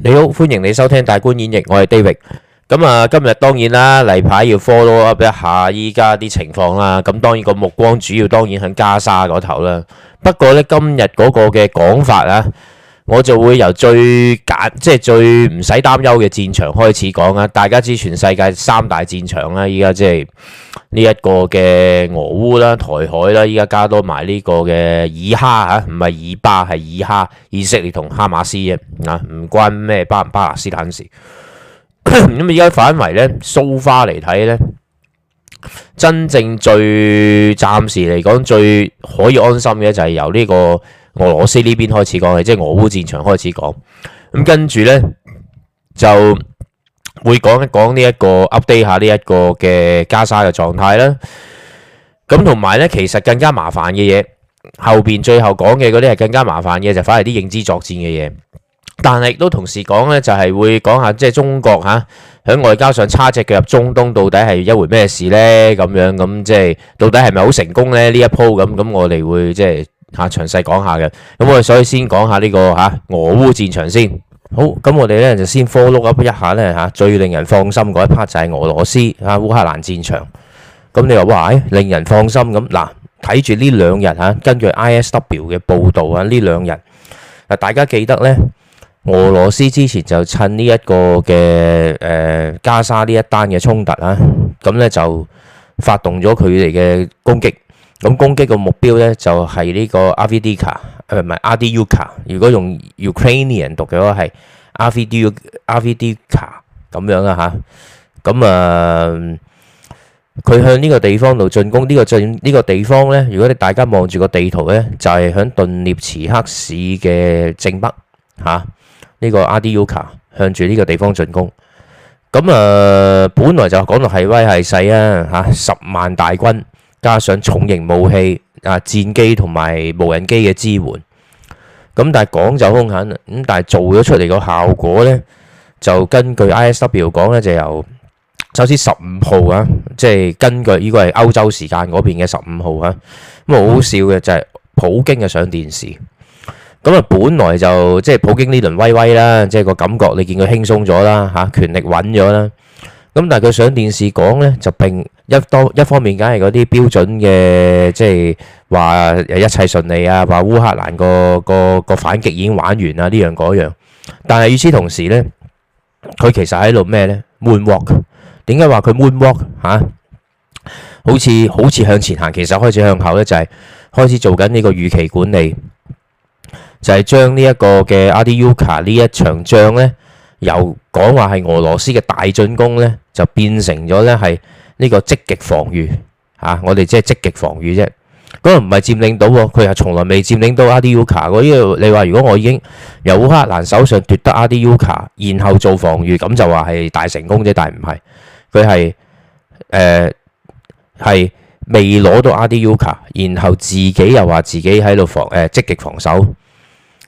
你好，歡迎你收聽大觀演繹，我係 David。咁啊，今日當然啦，例牌要 follow up 一下依家啲情況啦。咁當然個目光主要當然響加沙嗰頭啦。不過咧，今日嗰個嘅講法啊。我就會由最簡，即係最唔使擔憂嘅戰場開始講啦。大家知全世界三大戰場啦，依家即係呢一個嘅俄烏啦、台海啦，依家加多埋呢個嘅以哈吓，唔係以巴，係以哈，以色列同哈馬斯啊。嗱，唔關咩巴唔巴勒斯坦事。咁 而家反為咧，蘇花嚟睇咧，真正最暫時嚟講最可以安心嘅就係由呢，這個。俄羅斯呢邊開始講嘅，即係俄烏戰場開始講，咁跟住呢就會講一講呢一個 update 下呢一個嘅加沙嘅狀態啦。咁同埋呢，其實更加麻煩嘅嘢，後邊最後講嘅嗰啲係更加麻煩嘅，就反而啲認知作戰嘅嘢。但係亦都同時講呢，就係會講下即係中國吓喺外交上插隻腳入中東，到底係一回咩事呢？咁樣咁即係到底係咪好成功呢？呢一波咁咁，我哋會即係。吓，詳細講下嘅，咁我哋所以先講下呢個吓俄烏戰場先。好，咁我哋咧就先 follow up 一下咧吓，最令人放心嗰一 part 就係俄羅斯啊烏克蘭戰場。咁你話哇，誒令人放心咁嗱，睇住呢兩日吓，根據 ISW 嘅報道啊，呢兩日啊，大家記得咧，俄羅斯之前就趁呢一個嘅誒加沙呢一單嘅衝突啊，咁咧就發動咗佢哋嘅攻擊。咁攻擊嘅目標咧就係、是、呢個 Avdiivka、呃、Av 誒唔係 Avdiivka 如果用 Ukrainian 讀嘅話係 Avdii、Avdiivka 咁樣啦吓，咁啊，佢、啊、向呢個地方度進攻，呢個進呢個地方咧，如果你大家望住個地圖咧，就係喺頓涅茨克市嘅正北吓，呢個 Avdiivka 向住呢個地方進攻。咁、這個這個就是啊,這個、啊，本來就講到係威係勢啊吓，十萬大軍。加上重型武器、啊戰機同埋無人機嘅支援，咁但係講就凶狠，咁但係做咗出嚟個效果咧，就根據 ISW 講咧，就由首先十五號啊，即係根據呢個係歐洲時間嗰邊嘅十五號啊，咁啊好好笑嘅就係普京嘅上電視，咁啊本來就即係普京呢輪威威啦，即係個感覺你見佢輕鬆咗啦吓，權力穩咗啦，咁但係佢上電視講咧就並。一多一方面，梗係嗰啲標準嘅，即係話一切順利啊。話烏克蘭個個個反擊已經玩完啦，呢樣嗰樣。但係與此同時咧，佢其實喺度咩咧？Moonwalk 點解話佢 Moonwalk 吓？好似好似向前行，其實開始向後咧，就係開始做緊呢個預期管理，就係將呢一個嘅阿迪烏卡呢一場仗咧，由講話係俄羅斯嘅大進攻咧，就變成咗咧係。呢個積極防禦嚇、啊，我哋即係積極防禦啫。嗰個唔係佔領到喎，佢係從來未佔領到阿迪烏卡嘅。因為你話如果我已經由烏克蘭手上奪得阿迪烏卡，然後做防禦，咁就話係大成功啫，但係唔係。佢係誒係未攞到阿迪烏卡，然後自己又話自己喺度防誒積極防守。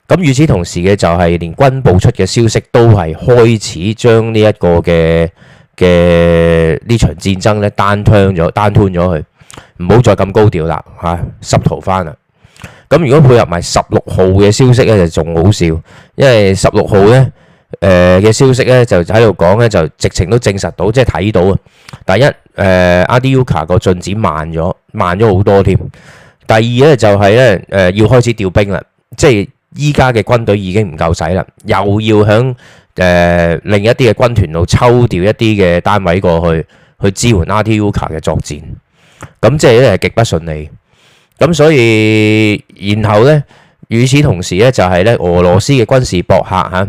咁與此同時嘅就係連軍報出嘅消息都係開始將呢一個嘅。嘅呢場戰爭咧，單槍咗，單吞咗佢，唔好再咁高調啦嚇，濕逃翻啦。咁如果配合埋十六號嘅消息咧，就仲好笑，因為十六號咧，誒嘅消息咧就喺度講咧，就直情都證實到，即係睇到啊。第一，誒阿迪烏卡個進展慢咗，慢咗好多添。第二咧就係咧，誒要開始調兵啦，即係。依家嘅軍隊已經唔夠使啦，又要響誒、呃、另一啲嘅軍團度抽調一啲嘅單位過去去支援阿 t u k 嘅作戰，咁即係咧極不順利。咁所以，然後呢，與此同時呢、啊，就係呢俄羅斯嘅軍事博客嚇，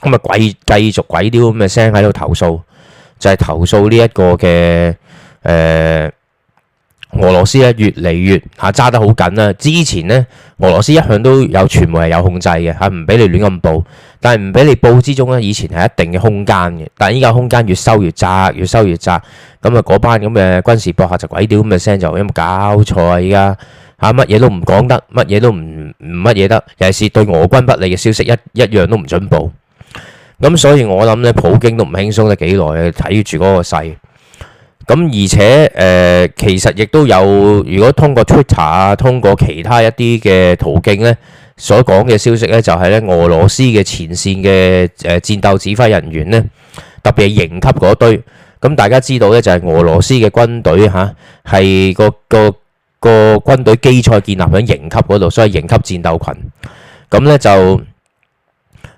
咁啊鬼繼續鬼啲咁嘅聲喺度投訴，就係投訴呢一個嘅誒。俄羅斯咧越嚟越嚇揸、啊、得好緊啦！之前咧俄羅斯一向都有傳媒係有控制嘅嚇，唔、啊、俾你亂咁報，但係唔俾你報之中咧，以前係一定嘅空間嘅。但係依家空間越收越窄，越收越窄。咁、嗯、啊，嗰班咁嘅軍事博客就鬼屌咁嘅聲，就有冇搞錯啊？依家嚇乜嘢都唔講得，乜嘢都唔唔乜嘢得，尤其是對俄軍不利嘅消息一，一一樣都唔準報。咁、嗯、所以我諗咧，普京都唔輕鬆得幾耐，睇住嗰個勢。咁而且誒、呃，其實亦都有，如果通過 Twitter 啊，通過其他一啲嘅途徑咧，所講嘅消息咧，就係咧，俄羅斯嘅前線嘅誒、呃、戰鬥指揮人員咧，特別係營級嗰堆。咁大家知道咧、啊，就係俄羅斯嘅軍隊嚇，係個個個軍隊基礎建立喺營級嗰度，所以營級戰鬥群。咁咧就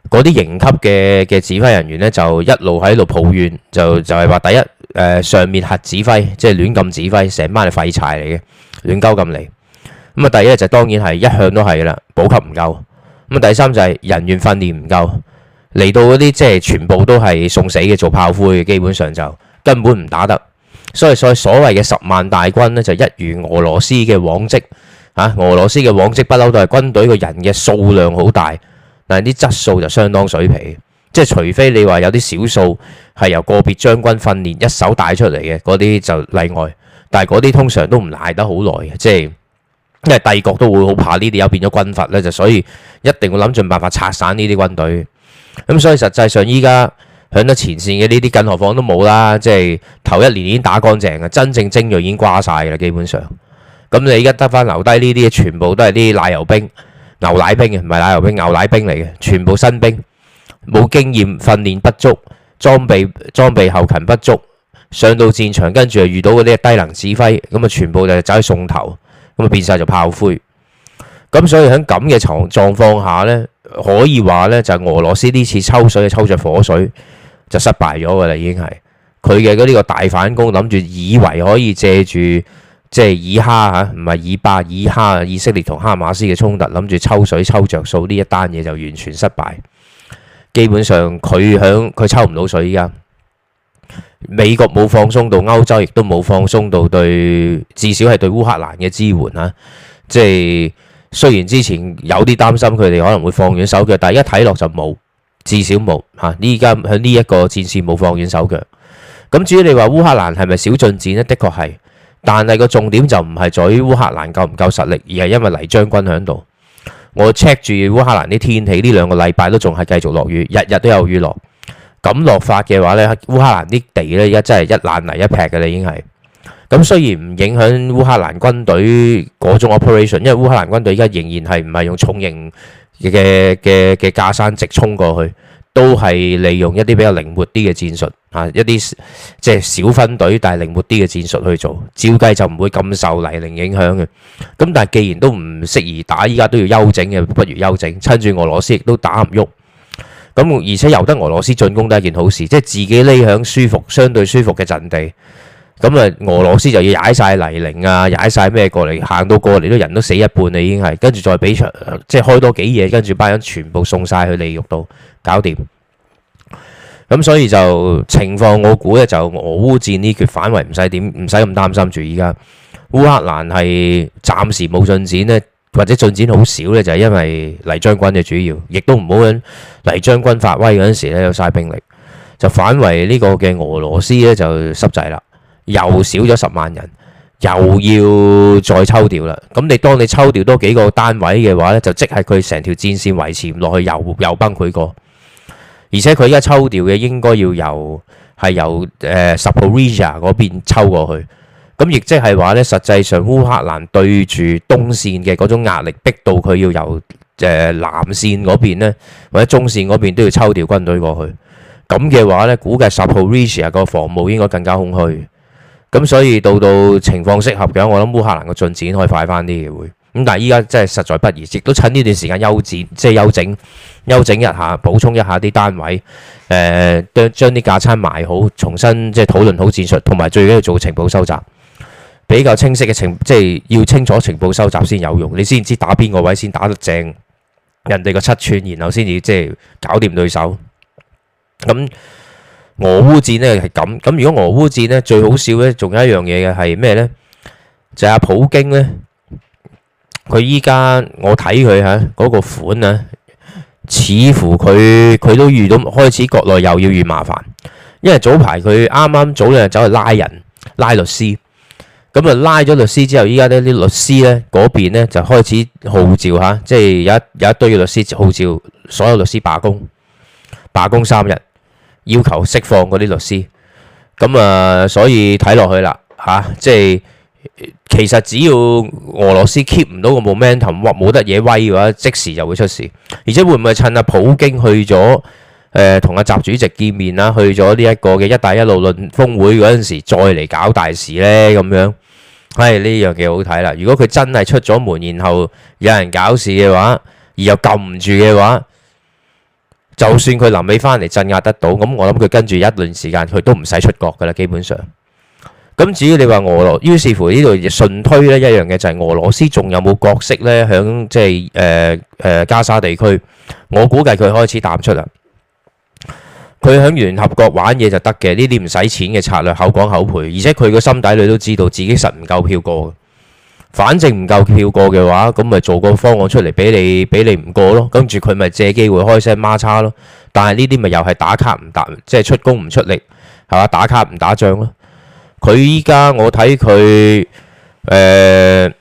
嗰啲營級嘅嘅指揮人員咧，就一路喺度抱怨，就就係、是、話第一。呃、上面核指揮，即係亂撳指揮，成班係廢柴嚟嘅，亂鳩咁嚟。咁啊，第一就當然係一向都係啦，補給唔夠。咁啊，第三就係人員訓練唔夠，嚟到嗰啲即係全部都係送死嘅，做炮灰嘅，基本上就根本唔打得。所以所以所謂嘅十萬大軍呢，就一如俄羅斯嘅往績嚇、啊。俄羅斯嘅往績不嬲都係軍隊個人嘅數量好大，但係啲質素就相當水皮。即係除非你話有啲少數係由個別將軍訓練一手帶出嚟嘅嗰啲就例外，但係嗰啲通常都唔賴得好耐嘅，即係因為帝國都會好怕呢啲有變咗軍閥咧，就所以一定會諗盡辦法拆散呢啲軍隊。咁所以實際上依家響得前線嘅呢啲，更何況都冇啦，即係頭一年已經打乾淨嘅，真正精鋭已經瓜曬啦，基本上咁你依家得翻留低呢啲，全部都係啲奶油兵、牛奶兵嘅，唔係奶油兵，牛奶兵嚟嘅，全部新兵。冇經驗、訓練不足、裝備裝備後勤不足，上到戰場跟住遇到嗰啲低能指揮，咁啊全部就走去送頭，咁啊變晒做炮灰。咁所以喺咁嘅狀狀況下呢，可以話呢，就係俄羅斯呢次抽水嘅抽着火水就失敗咗㗎啦，已經係佢嘅嗰啲個大反攻，諗住以為可以借住即係以哈嚇，唔係以巴以哈以色列同哈馬斯嘅衝突，諗住抽水抽着數呢一單嘢就完全失敗。基本上佢響佢抽唔到水噶，而家美國冇放鬆到，歐洲亦都冇放鬆到，對，至少係對烏克蘭嘅支援啦。即係雖然之前有啲擔心佢哋可能會放軟手腳，但係一睇落就冇，至少冇吓。呢家響呢一個戰線冇放軟手腳。咁至於你話烏克蘭係咪少進展呢？的確係，但係個重點就唔係在於烏克蘭夠唔夠實力，而係因為黎將軍喺度。我 check 住烏克蘭啲天氣，呢兩個禮拜都仲係繼續落雨，日日都有雨落。咁落法嘅話呢，烏克蘭啲地呢，而家真係一爛泥一劈㗎喇，已經係。咁雖然唔影響烏克蘭軍隊嗰種 operation，因為烏克蘭軍隊而家仍然係唔係用重型嘅嘅嘅架生直衝過去，都係利用一啲比較靈活啲嘅戰術。啊！一啲即係小分隊，但係靈活啲嘅戰術去做，照計就唔會咁受泥濘影響嘅。咁但係既然都唔適宜打，依家都要休整嘅，不如休整。趁住俄羅斯亦都打唔喐，咁而且由得俄羅斯進攻都係一件好事，即係自己匿響舒服、相對舒服嘅陣地。咁啊，俄羅斯就要踩曬泥濘啊，踩曬咩過嚟，行到過嚟都人都死一半啦，已經係跟住再畀場，即係開多幾嘢，跟住班人全部送曬去利玉度搞掂。咁、嗯、所以就情況我呢，我估咧就俄烏戰呢決反圍唔使點，唔使咁擔心住。依家烏克蘭係暫時冇進展呢，或者進展好少呢，就係、是、因為黎將軍嘅主要，亦都唔好響黎將軍發威嗰陣時咧，有嘥兵力，就反圍呢個嘅俄羅斯呢，就濕滯啦，又少咗十萬人，又要再抽調啦。咁你當你抽調多幾個單位嘅話呢，就即係佢成條戰線維持唔落去又，又又崩潰過。而且佢而家抽調嘅應該要由係由誒 Zaporizhzhia 嗰邊抽過去，咁亦即係話呢，實際上烏克蘭對住東線嘅嗰種壓力，逼到佢要由誒、呃、南線嗰邊咧，或者中線嗰邊都要抽調軍隊過去。咁嘅話呢，估計 Zaporizhzhia 個防務應該更加空虛。咁所以到到情況適合嘅，我諗烏克蘭嘅進展可以快翻啲嘅會。咁但係依家真係實在不易，亦都趁呢段時間休戰，即係休整、休整一下，補充一下啲單位，誒、呃、將將啲架生埋好，重新即係討論好戰術，同埋最緊要做情報收集，比較清晰嘅情，即係要清楚情報收集先有用，你先知打邊個位先打得正，人哋個七寸，然後先至即係搞掂對手。咁俄烏戰呢係咁，咁如果俄烏戰呢最好笑呢，仲有一樣嘢嘅係咩呢？就阿、係、普京呢。佢依家我睇佢吓嗰個款啊，似乎佢佢都遇到開始國內又要遇麻煩，因為早排佢啱啱早兩日走去拉人拉律師，咁啊拉咗律師之後，依家呢啲律師咧嗰邊咧就開始號召吓，即係有一有一堆嘅律師號召所有律師罷工，罷工三日，要求釋放嗰啲律師，咁啊所以睇落去啦吓，啊，即係。其實只要俄羅斯 keep 唔到個 momentum 冇得嘢威嘅話，即時就會出事。而且會唔會趁阿普京去咗誒同阿習主席見面啦，去咗呢一個嘅一帶一路論峰會嗰陣時，再嚟搞大事呢？咁樣？唉、哎，呢樣幾好睇啦。如果佢真係出咗門，然後有人搞事嘅話，而又撳唔住嘅話，就算佢臨尾返嚟鎮壓得到，咁我諗佢跟住一段時間佢都唔使出國噶啦，基本上。咁至於你話俄羅，於是乎呢度順推咧一樣嘅就係俄羅斯仲有冇角色呢？響即係誒誒加沙地區，我估計佢開始淡唔出啦。佢響聯合國玩嘢就得嘅，呢啲唔使錢嘅策略，口講口賠，而且佢個心底裏都知道自己實唔夠票過。反正唔夠票過嘅話，咁咪做個方案出嚟俾你俾你唔過咯。跟住佢咪借機會開聲孖叉咯。但係呢啲咪又係打卡唔打，即係出工唔出力係嘛？打卡唔打仗咯。佢依家我睇佢，誒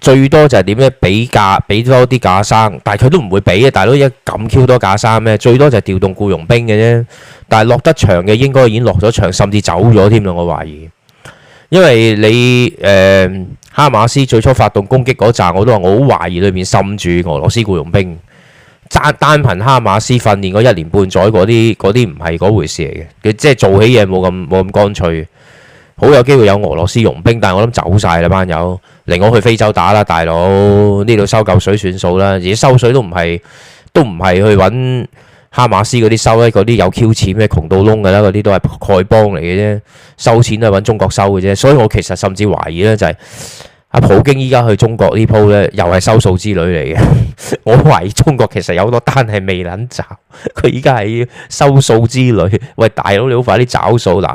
最多就係點咧？俾架俾多啲架生，但係佢都唔會俾嘅，大佬一撳 Q 多架生咩？最多就係調動僱傭兵嘅啫。但係落得場嘅應該已經落咗場，甚至走咗添啦。我懷疑，因為你誒、呃、哈馬斯最初發動攻擊嗰陣，我都話我好懷疑裏面滲住俄羅斯僱傭兵。單單憑哈馬斯訓練嗰一年半載嗰啲嗰啲唔係嗰回事嚟嘅，佢即係做起嘢冇咁冇咁乾脆，好有機會有俄羅斯傭兵，但係我諗走晒啦班友，嚟我去非洲打啦大佬，呢度收夠水算數啦，而且收水都唔係都唔係去揾哈馬斯嗰啲收咧，嗰啲有 Q 錢咩窮到窿㗎啦，嗰啲都係丐幫嚟嘅啫，收錢都係揾中國收嘅啫，所以我其實甚至懷疑呢就係、是。阿普京依家去中國呢鋪咧，又係收數之旅嚟嘅。 我懷疑中國其實有好多單係未能找，佢依家係收數之旅。喂，大佬你好快啲找數嗱，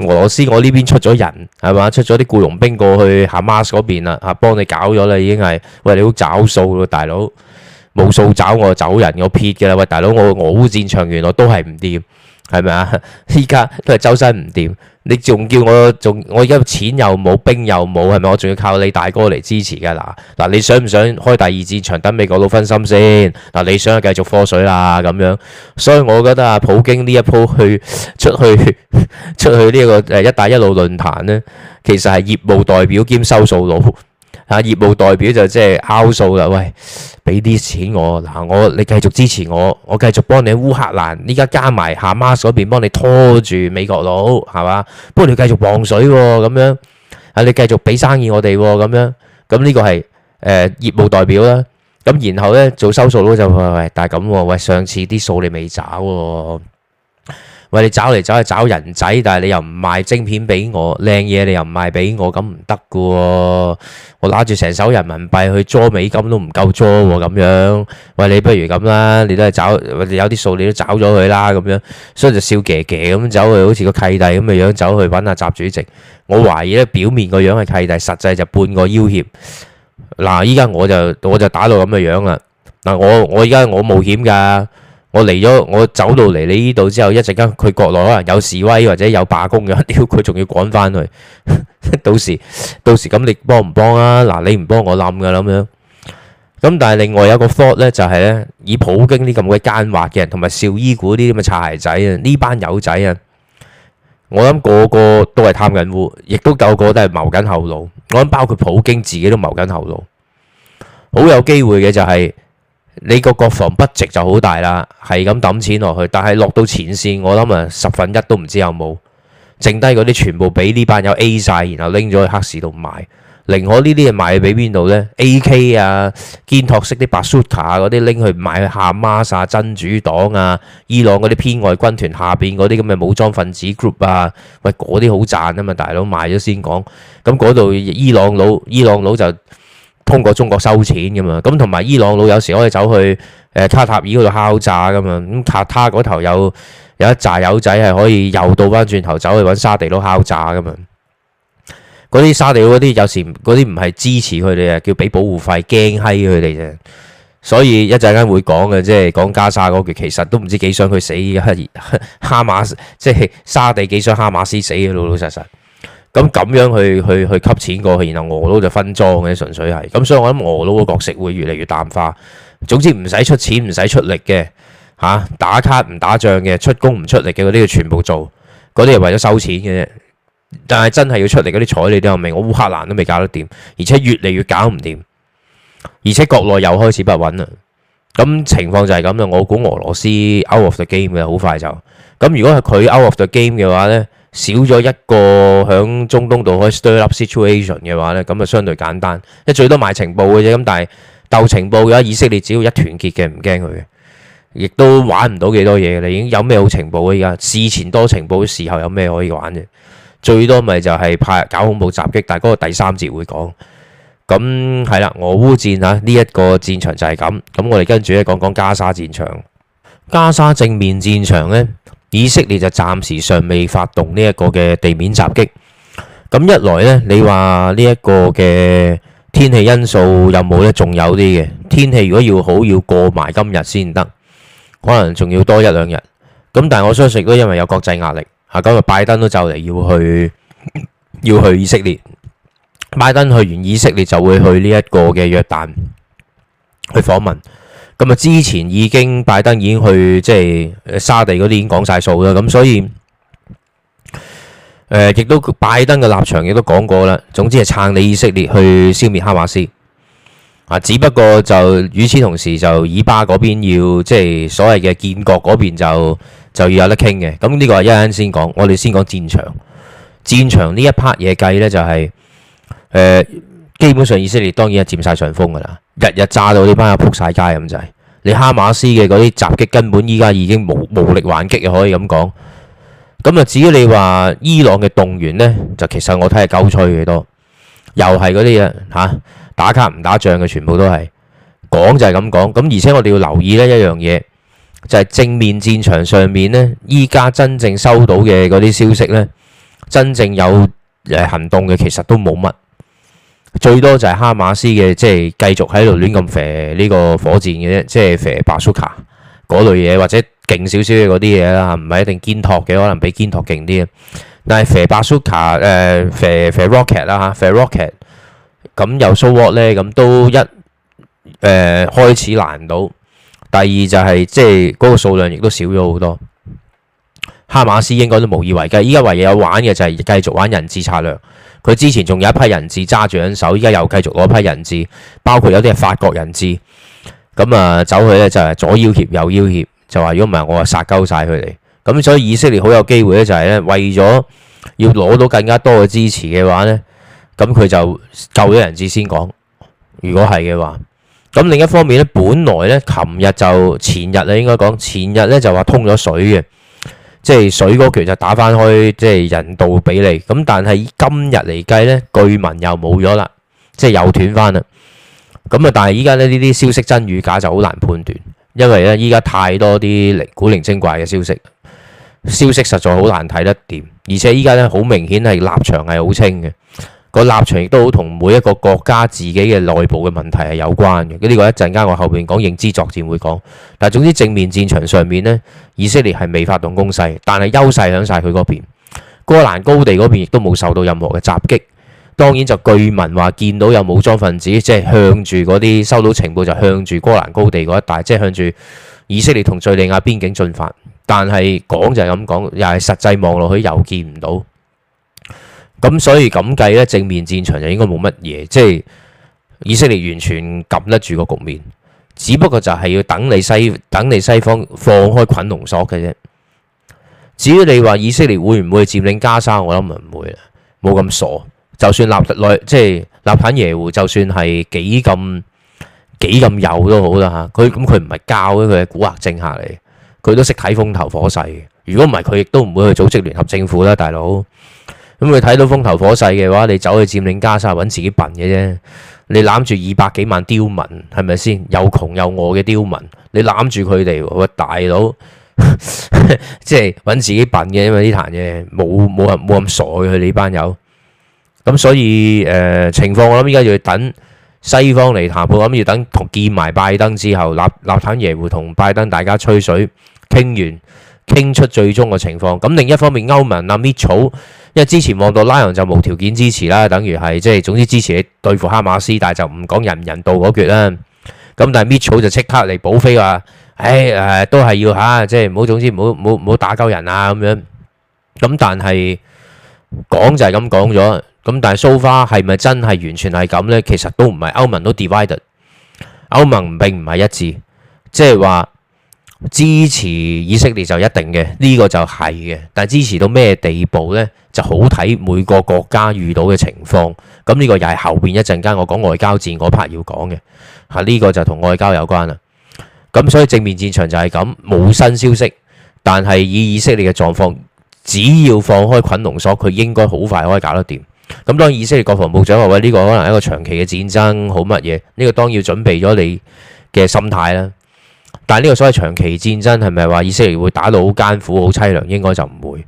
俄羅斯我呢邊出咗人係嘛，出咗啲僱傭兵過去 Hamas 嗰邊啦、啊，幫你搞咗啦，已經係喂你好找數喎，大佬冇數找我走人，我撇㗎啦。喂，大佬我俄烏戰場原來我都係唔掂。係咪啊？依家都係周身唔掂，你仲叫我仲我而家錢又冇，兵又冇，係咪？我仲要靠你大哥嚟支持噶嗱嗱，你想唔想開第二戰場？等美國佬分心先嗱，你想繼續科水啦咁樣，所以我覺得啊，普京呢一波去出去出去呢個誒一帶一路論壇咧，其實係業務代表兼收數佬。啊！業務代表就即係拗數啦，喂，俾啲錢我嗱，我你繼續支持我，我繼續幫你烏克蘭，依家加埋哈馬斯嗰邊幫你拖住美國佬，係嘛？不如你繼續磅水喎，咁樣啊，你繼續俾生意我哋喎，咁樣咁呢個係誒、呃、業務代表啦。咁然後咧做收數咯，就喂喂但係咁喎，喂,喂上次啲數你未找喎、啊。喂，你找嚟找去找人仔，但係你又唔賣晶片俾我，靚嘢你又唔賣俾我，咁唔得噶喎！我拿住成手人民幣去捉美金都唔夠捉喎，咁樣，喂，你不如咁啦，你都係找有啲數，你都找咗佢啦，咁樣所以就笑騎騎咁走去，好似個契弟咁嘅樣走去揾阿習主席。我懷疑咧，表面個樣係契弟，實際就半個要挾。嗱，依家我就我就打到咁嘅樣啦。嗱，我我依家我冒險噶。我嚟咗，我走到嚟你呢度之後，一陣間佢國內可能有示威或者有罷工嘅，屌佢仲要趕翻去 到，到時到時咁你幫唔幫啊？嗱，你唔幫我冧㗎啦咁樣。咁但係另外有個 thought 咧，就係、是、咧，以普京呢咁嘅奸滑嘅人，同埋紹伊古呢啲咁嘅擦鞋仔啊，呢班友仔啊，我諗個個都係貪緊污，亦都個個都係謀緊後路。我諗包括普京自己都謀緊後路，好有機會嘅就係、是。你個國防不值就好大啦，係咁揼錢落去，但係落到前線，我諗啊十分一都唔知有冇。剩低嗰啲全部俾呢班友 A 晒，然後拎咗去黑市度賣。寧可買呢啲嘢賣去俾邊度呢 AK 啊，肩托式啲白 shoot 卡嗰啲拎去賣去哈馬斯真主黨啊，伊朗嗰啲偏外軍團下邊嗰啲咁嘅武裝分子 group 啊，喂嗰啲好賺啊嘛，大佬賣咗先講，咁嗰度伊朗佬伊朗佬就。通過中國收錢㗎嘛，咁同埋伊朗佬有時可以走去誒、呃、卡塔爾嗰度敲詐㗎嘛。咁卡塔爾嗰頭有有一紮友仔係可以又倒返轉頭走去揾沙地佬敲詐噶嘛，嗰啲沙地佬嗰啲有時嗰啲唔係支持佢哋啊，叫俾保護費，驚閪佢哋啫，所以一陣間會講嘅，即係講加沙嗰橛，其實都唔知幾想佢死，哈，哈，哈馬即係沙地幾想哈馬斯死啊，老老實實。咁咁樣去去去給錢過去，然後俄佬就分贓嘅，純粹係。咁所以我諗俄佬嘅角色會越嚟越淡化。總之唔使出錢，唔使出力嘅，吓、啊、打卡唔打仗嘅，出工唔出力嘅嗰啲要全部做。嗰啲係為咗收錢嘅啫。但係真係要出力嗰啲彩你都有命，我烏克蘭都未搞得掂，而且越嚟越搞唔掂，而且國內又開始不穩啦。咁情況就係咁啦。我估俄羅斯 out of the game 嘅，好快就。咁如果係佢 out of the game 嘅話呢，少咗一個喺中東度可以 stir up situation 嘅話呢，咁就相對簡單，即係最多賣情報嘅啫。咁但係鬥情報嘅話，以色列只要一團結嘅，唔驚佢嘅，亦都玩唔到幾多嘢。你已經有咩好情報啊？依家事前多情報，事後有咩可以玩嘅？最多咪就係派搞恐怖襲擊，但係嗰個第三節會講。咁係啦，俄烏戰嚇呢一個戰場就係咁。咁我哋跟住咧講講加沙戰場，加沙正面戰場呢。以色列就暫時尚未發動呢一個嘅地面襲擊，咁一來呢，你話呢一個嘅天氣因素有冇呢？仲有啲嘅天氣，如果要好要過埋今日先得，可能仲要多一兩日。咁但係我相信都因為有國際壓力嚇，啊，今日拜登都就嚟要去要去以色列，拜登去完以色列就會去呢一個嘅約旦去訪問。咁啊！之前已經拜登已經去即係沙地嗰啲已經講晒數啦，咁所以誒亦、呃、都拜登嘅立場亦都講過啦。總之係撐你以色列去消滅哈馬斯啊！只不過就與此同時就以巴嗰邊要即係所謂嘅建國嗰邊就就要有得傾嘅。咁呢個係一陣先講，我哋先講戰場。戰場呢一 part 嘢計呢，就係、是、誒。呃基本上以色列當然係佔晒上風噶啦，日日炸到啲班人撲晒街咁滯。你哈馬斯嘅嗰啲襲擊根本依家已經無無力還擊啊，可以咁講。咁啊，至於你話伊朗嘅動員呢，就其實我睇係鳩吹嘅多，又係嗰啲嘢嚇打卡唔打仗嘅全部都係講就係咁講。咁而且我哋要留意呢一樣嘢，就係正面戰場上面呢，依家真正收到嘅嗰啲消息呢，真正有誒行動嘅其實都冇乜。最多就係哈馬斯嘅，即係繼續喺度亂咁射呢個火箭嘅啫，即係射巴蘇卡嗰類嘢，或者勁少少嘅嗰啲嘢啦，唔係一定肩托嘅，可能比肩托勁啲嘅。但係射巴蘇卡，誒射射 rocket 啦嚇，射 rocket 咁又 so what 咧、啊？咁都一誒、呃、開始攔到，第二就係、是、即係嗰個數量亦都少咗好多。哈馬斯應該都無以為繼，依家唯嘢有玩嘅就係繼續玩人質策略。佢之前仲有一批人質揸住喺手，依家又繼續攞批人質，包括有啲係法國人質。咁啊，走佢咧就係左要挾、右要挾，就話如果唔係我啊殺鳩晒佢哋。咁所以以色列好有機會咧，就係咧為咗要攞到更加多嘅支持嘅話咧，咁佢就救咗人質先講。如果係嘅話，咁另一方面咧，本來咧琴日就前日啊，應該講前日咧就話通咗水嘅。即係水果拳就打翻開，即係人道比例咁。但係今日嚟計呢，據聞又冇咗啦，即係又斷翻啦。咁啊，但係依家呢呢啲消息真與假就好難判斷，因為呢依家太多啲靈古靈精怪嘅消息，消息實在好難睇得掂，而且依家呢好明顯係立場係好清嘅。個立場亦都好同每一個國家自己嘅內部嘅問題係有關嘅，呢個一陣間我後邊講認知作戰會講。但係總之正面戰場上面呢，以色列係未發動攻勢，但係優勢喺晒佢嗰邊。哥蘭高地嗰邊亦都冇受到任何嘅襲擊，當然就據聞話見到有武裝分子即係向住嗰啲收到情報就向住哥蘭高地嗰一帶，即係向住以色列同敍利亞邊境進發。但係講就係咁講，又係實際望落去又見唔到。咁所以咁計呢，正面戰場就應該冇乜嘢，即係以色列完全撳得住個局面，只不過就係要等你西等你西方放開捆龍索嘅啫。至於你話以色列會唔會佔領加沙，我諗唔會啦，冇咁傻。就算納即係納坦耶胡，就算係幾咁幾咁有都好啦嚇。佢咁佢唔係教嘅，佢係古惑政客嚟，佢都識睇風頭火勢。如果唔係，佢亦都唔會去組織聯合政府啦，大佬。咁佢睇到風頭火勢嘅話，你走去佔領加沙揾自己笨嘅啫。你攬住二百幾萬刁民，係咪先又窮又餓嘅刁民？你攬住佢哋，喂大佬， 即係揾自己笨嘅，因為呢壇嘢冇冇人冇咁傻嘅，佢哋呢班友。咁所以誒、呃、情況，我諗依家要等西方嚟談判，諗要等同見埋拜登之後，立納，納坦耶胡同拜登大家吹水傾完。傾出最終嘅情況。咁另一方面，歐盟啊，Mitchell，因為之前望到拉洋就無條件支持啦，等於係即係總之支持你對付哈馬斯，但就唔講人唔人道嗰橛啦。咁但係 Mitchell 就即刻嚟補飛話，唉誒，都係要吓，即係唔好總之唔好唔好唔好打鳩人啊咁樣。咁但係講就係咁講咗。咁但係 so far 係咪真係完全係咁呢？其實都唔係。歐盟都 divided。歐盟並唔係一致，即係話。支持以色列就一定嘅，呢、這個就係嘅。但係支持到咩地步呢？就好睇每個國家遇到嘅情況。咁、這、呢個又係後邊一陣間我講外交戰嗰 part 要講嘅。吓，呢個就同外交有關啦。咁、嗯、所以正面戰場就係咁，冇新消息。但係以以色列嘅狀況，只要放開捆龍索，佢應該好快可以搞得掂。咁、嗯、當以色列國防部長話喂，呢、這個可能係一個長期嘅戰爭，好乜嘢？呢、這個當要準備咗你嘅心態啦。但係呢個所謂長期戰爭係咪話以色列會打到好艱苦好淒涼？應該就唔會。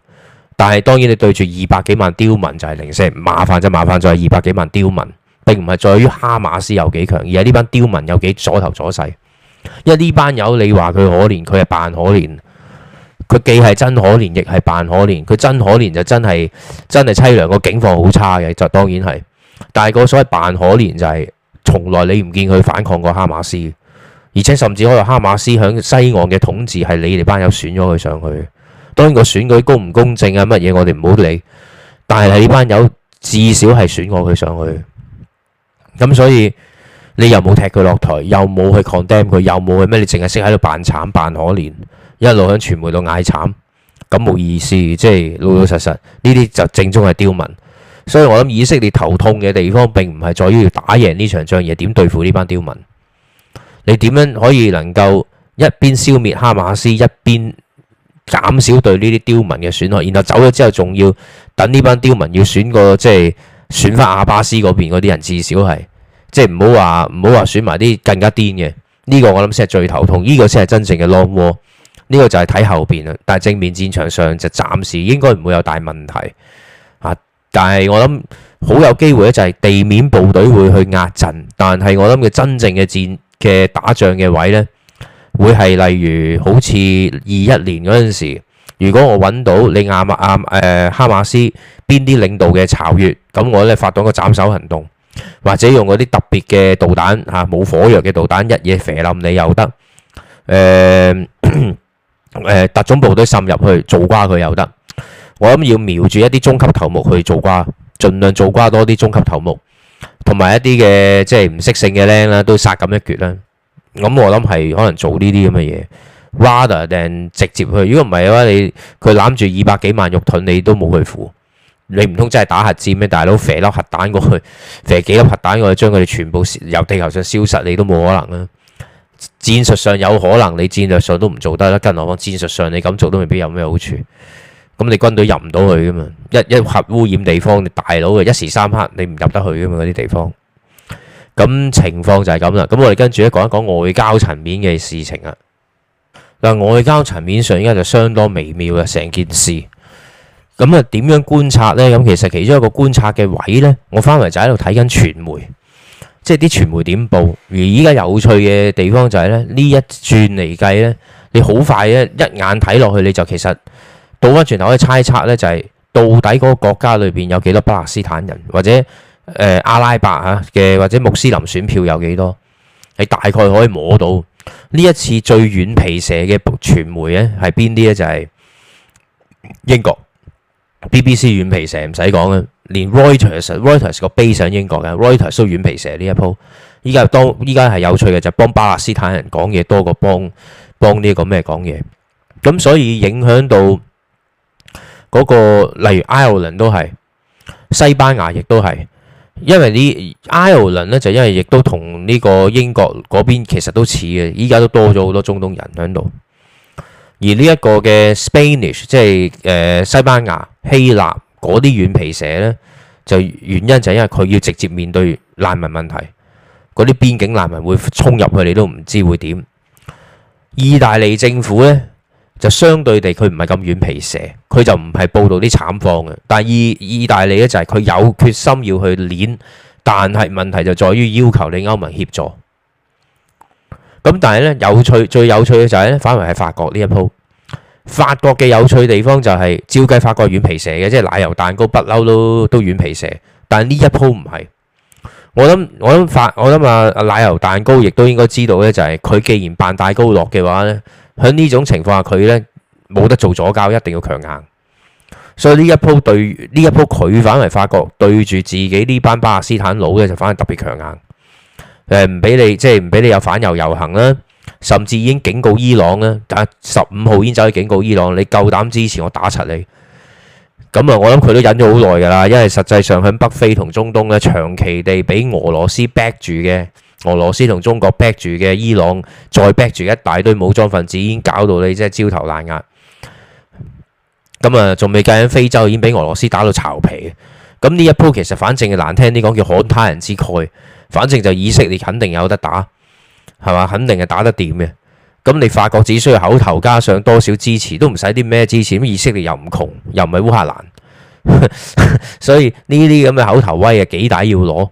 但係當然你對住二百幾萬刁民就係零舍麻煩，就麻煩在二百幾萬刁民，並唔係在於哈馬斯有幾強，而係呢班刁民有幾左頭左勢。因為呢班友你話佢可憐，佢係扮可憐，佢既係真可憐，亦係扮可憐。佢真可憐就真係真係淒涼，個境況好差嘅，就當然係。但係個所謂扮可憐就係從來你唔見佢反抗過哈馬斯。而且甚至可能哈馬斯喺西岸嘅統治係你哋班友選咗佢上去，當然個選舉公唔公正啊乜嘢，我哋唔好理。但係呢班友至少係選過佢上去，咁所以你又冇踢佢落台，又冇去 condemn 佢，又冇去咩，你淨係識喺度扮慘扮可憐，一路喺傳媒度嗌慘，咁冇意思。即係老老實實呢啲就正宗係刁民，所以我諗以色列頭痛嘅地方並唔係在於要打贏呢場仗嘢，點對付呢班刁民？你點樣可以能夠一邊消滅哈馬斯，一邊減少對呢啲刁民嘅損害，然後走咗之後，仲要等呢班刁民要選個即係選翻阿巴斯嗰邊嗰啲人，至少係即係唔好話唔好話選埋啲更加癲嘅呢個，我諗先係最頭痛，呢、這個先係真正嘅渦窩。呢、這個就係睇後邊啦。但係正面戰場上就暫時應該唔會有大問題。但係我諗好有機會咧，就係地面部隊會去壓陣，但係我諗嘅真正嘅戰。嘅打仗嘅位呢，會係例如好似二一年嗰陣時，如果我揾到你亞馬亞誒哈馬斯邊啲領導嘅巢穴，咁我呢發動個斬首行動，或者用嗰啲特別嘅導彈嚇冇、啊、火藥嘅導彈一嘢肥冧你又得，誒、呃、誒、 呃、特種部隊滲入去做瓜佢又得，我諗要瞄住一啲中級頭目去做瓜，盡量做瓜多啲中級頭目。同埋一啲嘅即係唔識性嘅靚啦，都殺咁一決啦。咁我諗係可能做呢啲咁嘅嘢，rather than 直接去。如果唔係嘅話，你佢攬住二百幾萬肉盾，你都冇去符。你唔通真係打核戰咩？大佬射粒核彈過去，射幾粒核彈過去，將佢哋全部由地球上消失，你都冇可能啦。戰術上有可能，你戰略上都唔做得啦。更何況戰術上你咁做都未必有咩好處。咁你軍隊入唔到去噶嘛？一一核污染地方，你大佬啊，一時三刻你唔入得去噶嘛？嗰啲地方，咁情況就係咁啦。咁我哋跟住咧講一講外交層面嘅事情啊。嗱，外交層面上依家就相當微妙啊，成件事。咁啊，點樣觀察咧？咁其實其中一個觀察嘅位咧，我翻嚟就喺度睇緊傳媒，即係啲傳媒點報。而依家有趣嘅地方就係咧，呢一轉嚟計咧，你好快一一眼睇落去你就其實。倒翻轉頭，可以猜測咧，就係到底嗰個國家裏邊有幾多巴勒斯坦人，或者誒、呃、阿拉伯嚇嘅，或者穆斯林選票有幾多，你大概可以摸到呢一次最軟皮蛇嘅傳媒咧係邊啲咧？就係、是、英國 B B C 軟皮蛇唔使講啦，連 Reuters Reuters 個碑上英國嘅 Reuters 都軟皮蛇呢一鋪。依家當依家係有趣嘅就係、是、幫巴勒斯坦人講嘢多過幫幫呢個咩講嘢咁，所以影響到。嗰、那個例如 Ireland 都係西班牙，亦都係，因為呢 Ireland 咧就因為亦都同呢個英國嗰邊其實都似嘅，依家都多咗好多中東人喺度。而呢一個嘅 Spanish 即係誒、呃、西班牙、希臘嗰啲軟皮蛇咧，就原因就係因為佢要直接面對難民問題，嗰啲邊境難民會衝入去，你都唔知會點。意大利政府咧。就相對地，佢唔係咁軟皮蛇，佢就唔係報導啲慘況嘅。但意意大利咧就係佢有決心要去練，但係問題就在於要求你歐盟協助。咁但係咧有趣最有趣嘅就係咧，反而係法國呢一鋪。法國嘅有趣地方就係、是、照計法國軟皮蛇嘅，即係奶油蛋糕不嬲都都軟皮蛇。但呢一鋪唔係。我諗我諗法我諗啊奶油蛋糕亦都應該知道咧、就是，就係佢既然扮大高落嘅話咧。喺呢種情況下，佢呢冇得做左膠，一定要強硬。所以呢一鋪對呢一鋪佢反為發覺 對住自己呢班巴勒斯坦佬嘅就反而特別強硬。唔俾你即係唔俾你有反猶遊行啦，甚至已經警告伊朗啦。但十五號已經走去警告伊朗，你夠膽支持我打柒你。咁啊，我諗佢都忍咗好耐噶啦，因為實際上喺北非同中東呢，長期地俾俄羅斯 back 住嘅。俄羅斯同中國逼住嘅伊朗，再逼住一大堆武裝分子，已經搞到你真係焦頭爛額。咁、嗯、啊，仲未計喺非洲，已經俾俄羅斯打到巢皮。咁、嗯、呢一波其實反正難聽啲講叫慷他人之慨，反正就以色列肯定有得打，係嘛？肯定係打得掂嘅。咁、嗯、你法國只需要口頭加上多少支持，都唔使啲咩支持。咁以色列又唔窮，又唔係烏克蘭， 所以呢啲咁嘅口頭威啊，幾大要攞。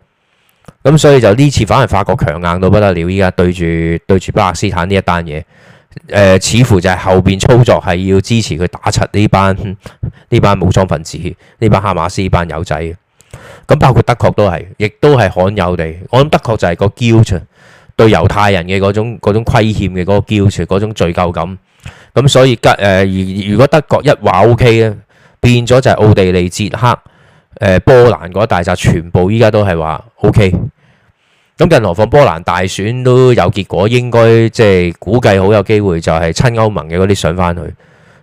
咁所以就呢次反而法國強硬到不得了，依家對住對住巴勒斯坦呢一單嘢，誒、呃，似乎就係後邊操作係要支持佢打柒呢班呢、嗯、班武裝分子，呢班哈馬斯班友仔。咁包括德國都係，亦都係罕有地，我諗德國就係個 guilt 對猶太人嘅嗰種嗰種虧欠嘅嗰個 guilt，嗰種罪疚感。咁所以今誒，如、呃、如果德國一話 O K 咧，變咗就係奧地利、捷克。誒，波蘭嗰大紮全部依家都係話 O K。咁更何況波蘭大選都有結果，應該即係估計好有機會就係親歐盟嘅嗰啲上翻去。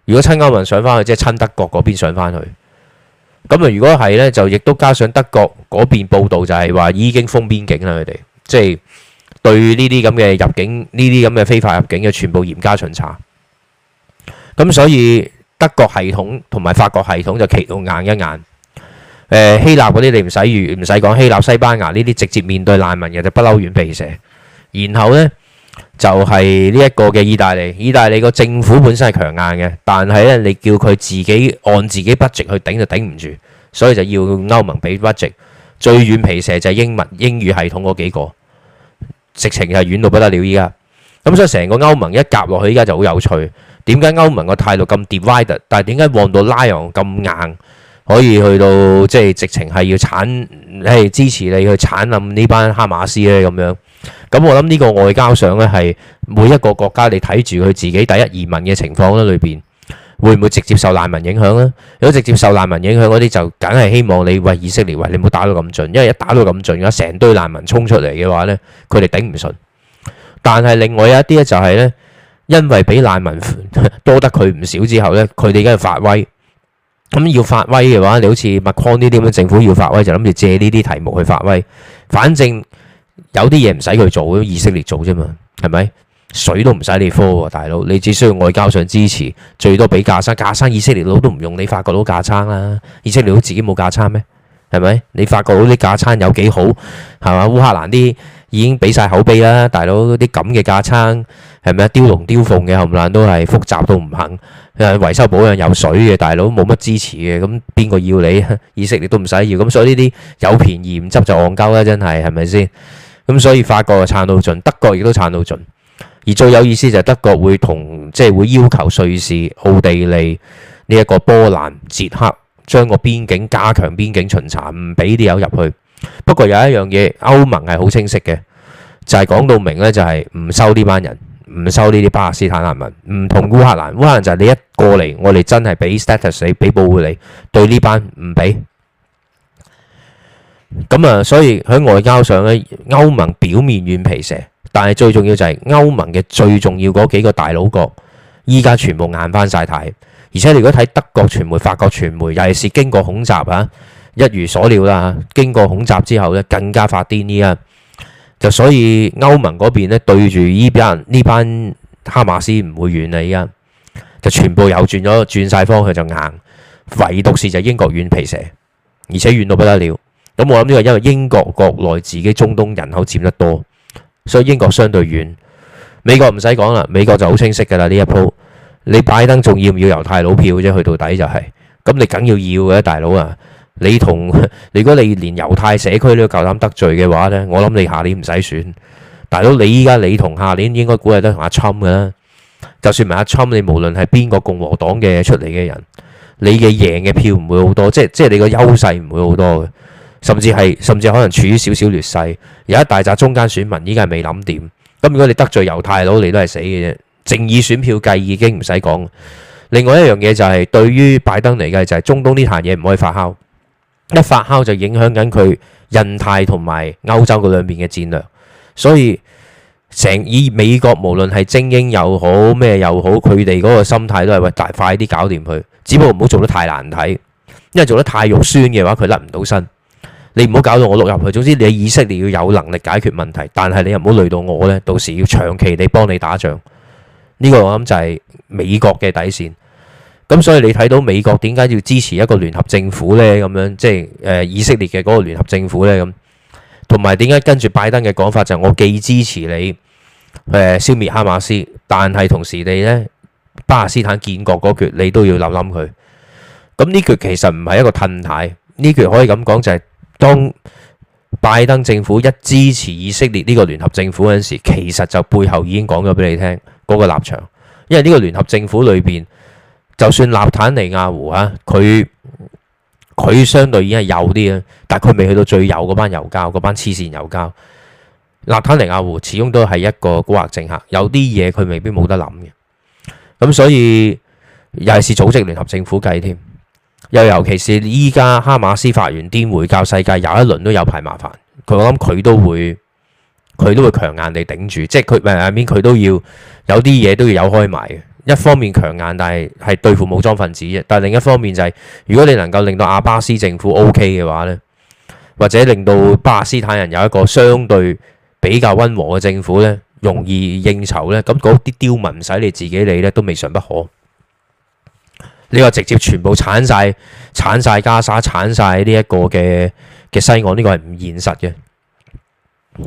如果親歐盟上翻去，即係親德國嗰邊上翻去。咁啊，如果係呢，就亦都加上德國嗰邊報道就係話已經封邊境啦。佢哋即係對呢啲咁嘅入境、呢啲咁嘅非法入境嘅全部嚴加巡查。咁所以德國系統同埋法國系統就企到硬一硬。誒希臘嗰啲你唔使唔使講，希臘西班牙呢啲直接面對難民嘅就不嬲軟皮蛇。然後呢，就係呢一個嘅意大利，意大利個政府本身係強硬嘅，但係呢，你叫佢自己按自己 budget 去頂就頂唔住，所以就要歐盟俾 budget。最軟皮蛇就係英文英語系統嗰幾個，直情係軟到不得了依家。咁所以成個歐盟一夾落去依家就好有趣。點解歐盟個態度咁 divided？但係點解望到拉洋咁硬？可以去到即係直情係要鏟，係、哎、支持你去鏟冧呢班哈馬斯咧咁樣。咁我諗呢個外交上咧係每一個國家你睇住佢自己第一移民嘅情況咧，裏邊會唔會直接受難民影響咧？如果直接受難民影響嗰啲就梗係希望你喂，以色列，喂你唔好打到咁盡，因為一打到咁盡嘅話，成堆難民衝出嚟嘅話咧，佢哋頂唔順。但係另外有一啲咧就係、是、咧，因為俾難民多得佢唔少之後咧，佢哋梗係發威。咁要發威嘅話，你好似麥康呢啲咁，政府要發威就諗住借呢啲題目去發威。反正有啲嘢唔使佢做，以色列做啫嘛，係咪？水都唔使你科，大佬，你只需要外交上支持，最多俾架撐架撐。以色列佬都唔用你法國佬架撐啦，以色列佬自己冇架撐咩？係咪？你法國佬啲架撐有幾好？係嘛？烏克蘭啲已經俾晒口碑啦，大佬啲咁嘅架撐。係咪雕龍雕鳳嘅冚爛都係複雜到唔肯，維修保養有水嘅大佬冇乜支持嘅咁，邊個要你以色列都唔使要咁，所以呢啲有便宜唔執就戇鳩啦，真係係咪先咁？所以法國就撐到盡，德國亦都撐到盡，而最有意思就係德國會同即係會要求瑞士、奧地利呢一個波蘭、捷克將個邊境加強邊境巡查，唔俾啲友入去。不過有一樣嘢，歐盟係好清晰嘅，就係講到明呢，就係唔收呢班人。唔收呢啲巴勒斯坦難民，唔同烏克蘭，烏克蘭就係你一過嚟，我哋真係俾 status 你，俾保護你，對呢班唔俾。咁啊，所以喺外交上呢，歐盟表面軟皮蛇，但係最重要就係歐盟嘅最重要嗰幾個大佬國，依家全部硬翻晒態。而且你如果睇德國傳媒、法國傳媒，尤其是經過恐襲啊，一如所料啦嚇，經過恐襲之後呢，更加發癲啲啊！所以歐盟嗰邊咧，對住依班呢班哈馬斯唔會軟啊。依家就全部又轉咗轉晒方向，就硬，唯獨是就英國軟皮蛇，而且軟到不得了。咁我諗呢個因為英國國內自己中東人口佔得多，所以英國相對軟。美國唔使講啦，美國就好清晰㗎喇呢一鋪，你拜登仲要唔要猶太佬票啫？去到底就係、是，咁你梗要要嘅大佬啊！你同如果你連猶太社區都夠膽得罪嘅話呢，我諗你下年唔使選大佬。你依家你同下年應該估計都同阿侵㗎啦。就算唔係阿侵，你無論係邊個共和黨嘅出嚟嘅人，你嘅贏嘅票唔會好多，即係即係你個優勢唔會好多嘅，甚至係甚至可能處於少少劣勢。有一大紮中間選民依家係未諗點咁。如果你得罪猶太佬，你都係死嘅啫。淨以選票計已經唔使講。另外一樣嘢就係、是、對於拜登嚟嘅就係、是、中東呢罈嘢唔可以發酵。一發酵就影響緊佢印太同埋歐洲嗰兩邊嘅戰略，所以成以美國無論係精英又好咩又好，佢哋嗰個心態都係喂，大快啲搞掂佢，只不過唔好做得太難睇，因為做得太肉酸嘅話佢甩唔到身。你唔好搞到我落入去，總之你以色列要有能力解決問題，但係你又唔好累到我呢。到時要長期地幫你打仗呢，呢個我諗就係美國嘅底線。咁所以你睇到美國點解要支持一個聯合政府呢？咁樣即係、呃、以色列嘅嗰個聯合政府呢？咁同埋點解跟住拜登嘅講法就係我既支持你誒、呃、消滅哈馬斯，但係同時你呢，巴勒斯坦建國嗰決，你都要諗諗佢。咁呢決其實唔係一個吞太呢決，可以咁講就係當拜登政府一支持以色列呢個聯合政府嗰陣時，其實就背後已經講咗俾你聽嗰個立場，因為呢個聯合政府裏邊。就算納坦尼亞湖啊，佢佢相對已經係有啲嘅，但係佢未去到最有嗰班油膠，嗰班黐線油膠。納坦尼亞湖始終都係一個古惑政客，有啲嘢佢未必冇得諗嘅。咁所以又係是組織聯合政府計添，又尤其是依家哈馬斯發完啲回教世界有一輪都有排麻煩，佢，我諗佢都會，佢都會強硬地頂住，即係佢唔面佢都要有啲嘢，都要有開埋嘅。一方面強硬，但係係對付武裝分子啫。但係另一方面就係，如果你能夠令到阿巴斯政府 OK 嘅話咧，或者令到巴勒斯坦人有一個相對比較溫和嘅政府咧，容易應酬咧，咁嗰啲刁民唔使你自己理咧，都未嘗不可。你話直接全部鏟晒、鏟晒加沙、鏟晒呢一個嘅嘅西岸，呢個係唔現實嘅，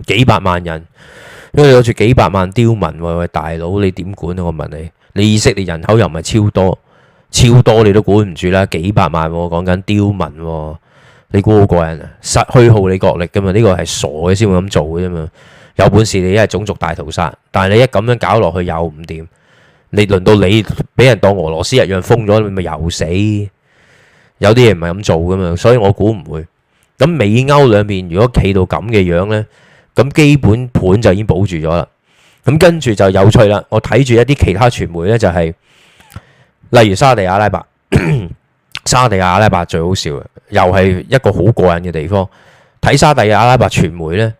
幾百萬人，因為你攞住幾百萬刁民喂喂，大佬，你點管啊？我問你。你以色列你人口又唔係超多，超多你都管唔住啦，幾百萬、啊，講緊刁民、啊，你估好過癮啊！失虛耗你國力噶嘛？呢個係傻嘅先會咁做嘅啫嘛。有本事你一係種族大屠殺，但係你一咁樣搞落去又唔掂。你輪到你俾人當俄羅斯一樣封咗，你咪又死。有啲嘢唔係咁做噶嘛，所以我估唔會。咁美歐兩邊如果企到咁嘅樣呢，咁基本盤就已經保住咗啦。咁跟住就有趣啦！我睇住一啲其他傳媒呢，就係例如沙地阿拉伯、沙地阿拉伯最好笑嘅，又係一個好過癮嘅地方。睇沙地阿拉伯傳媒呢，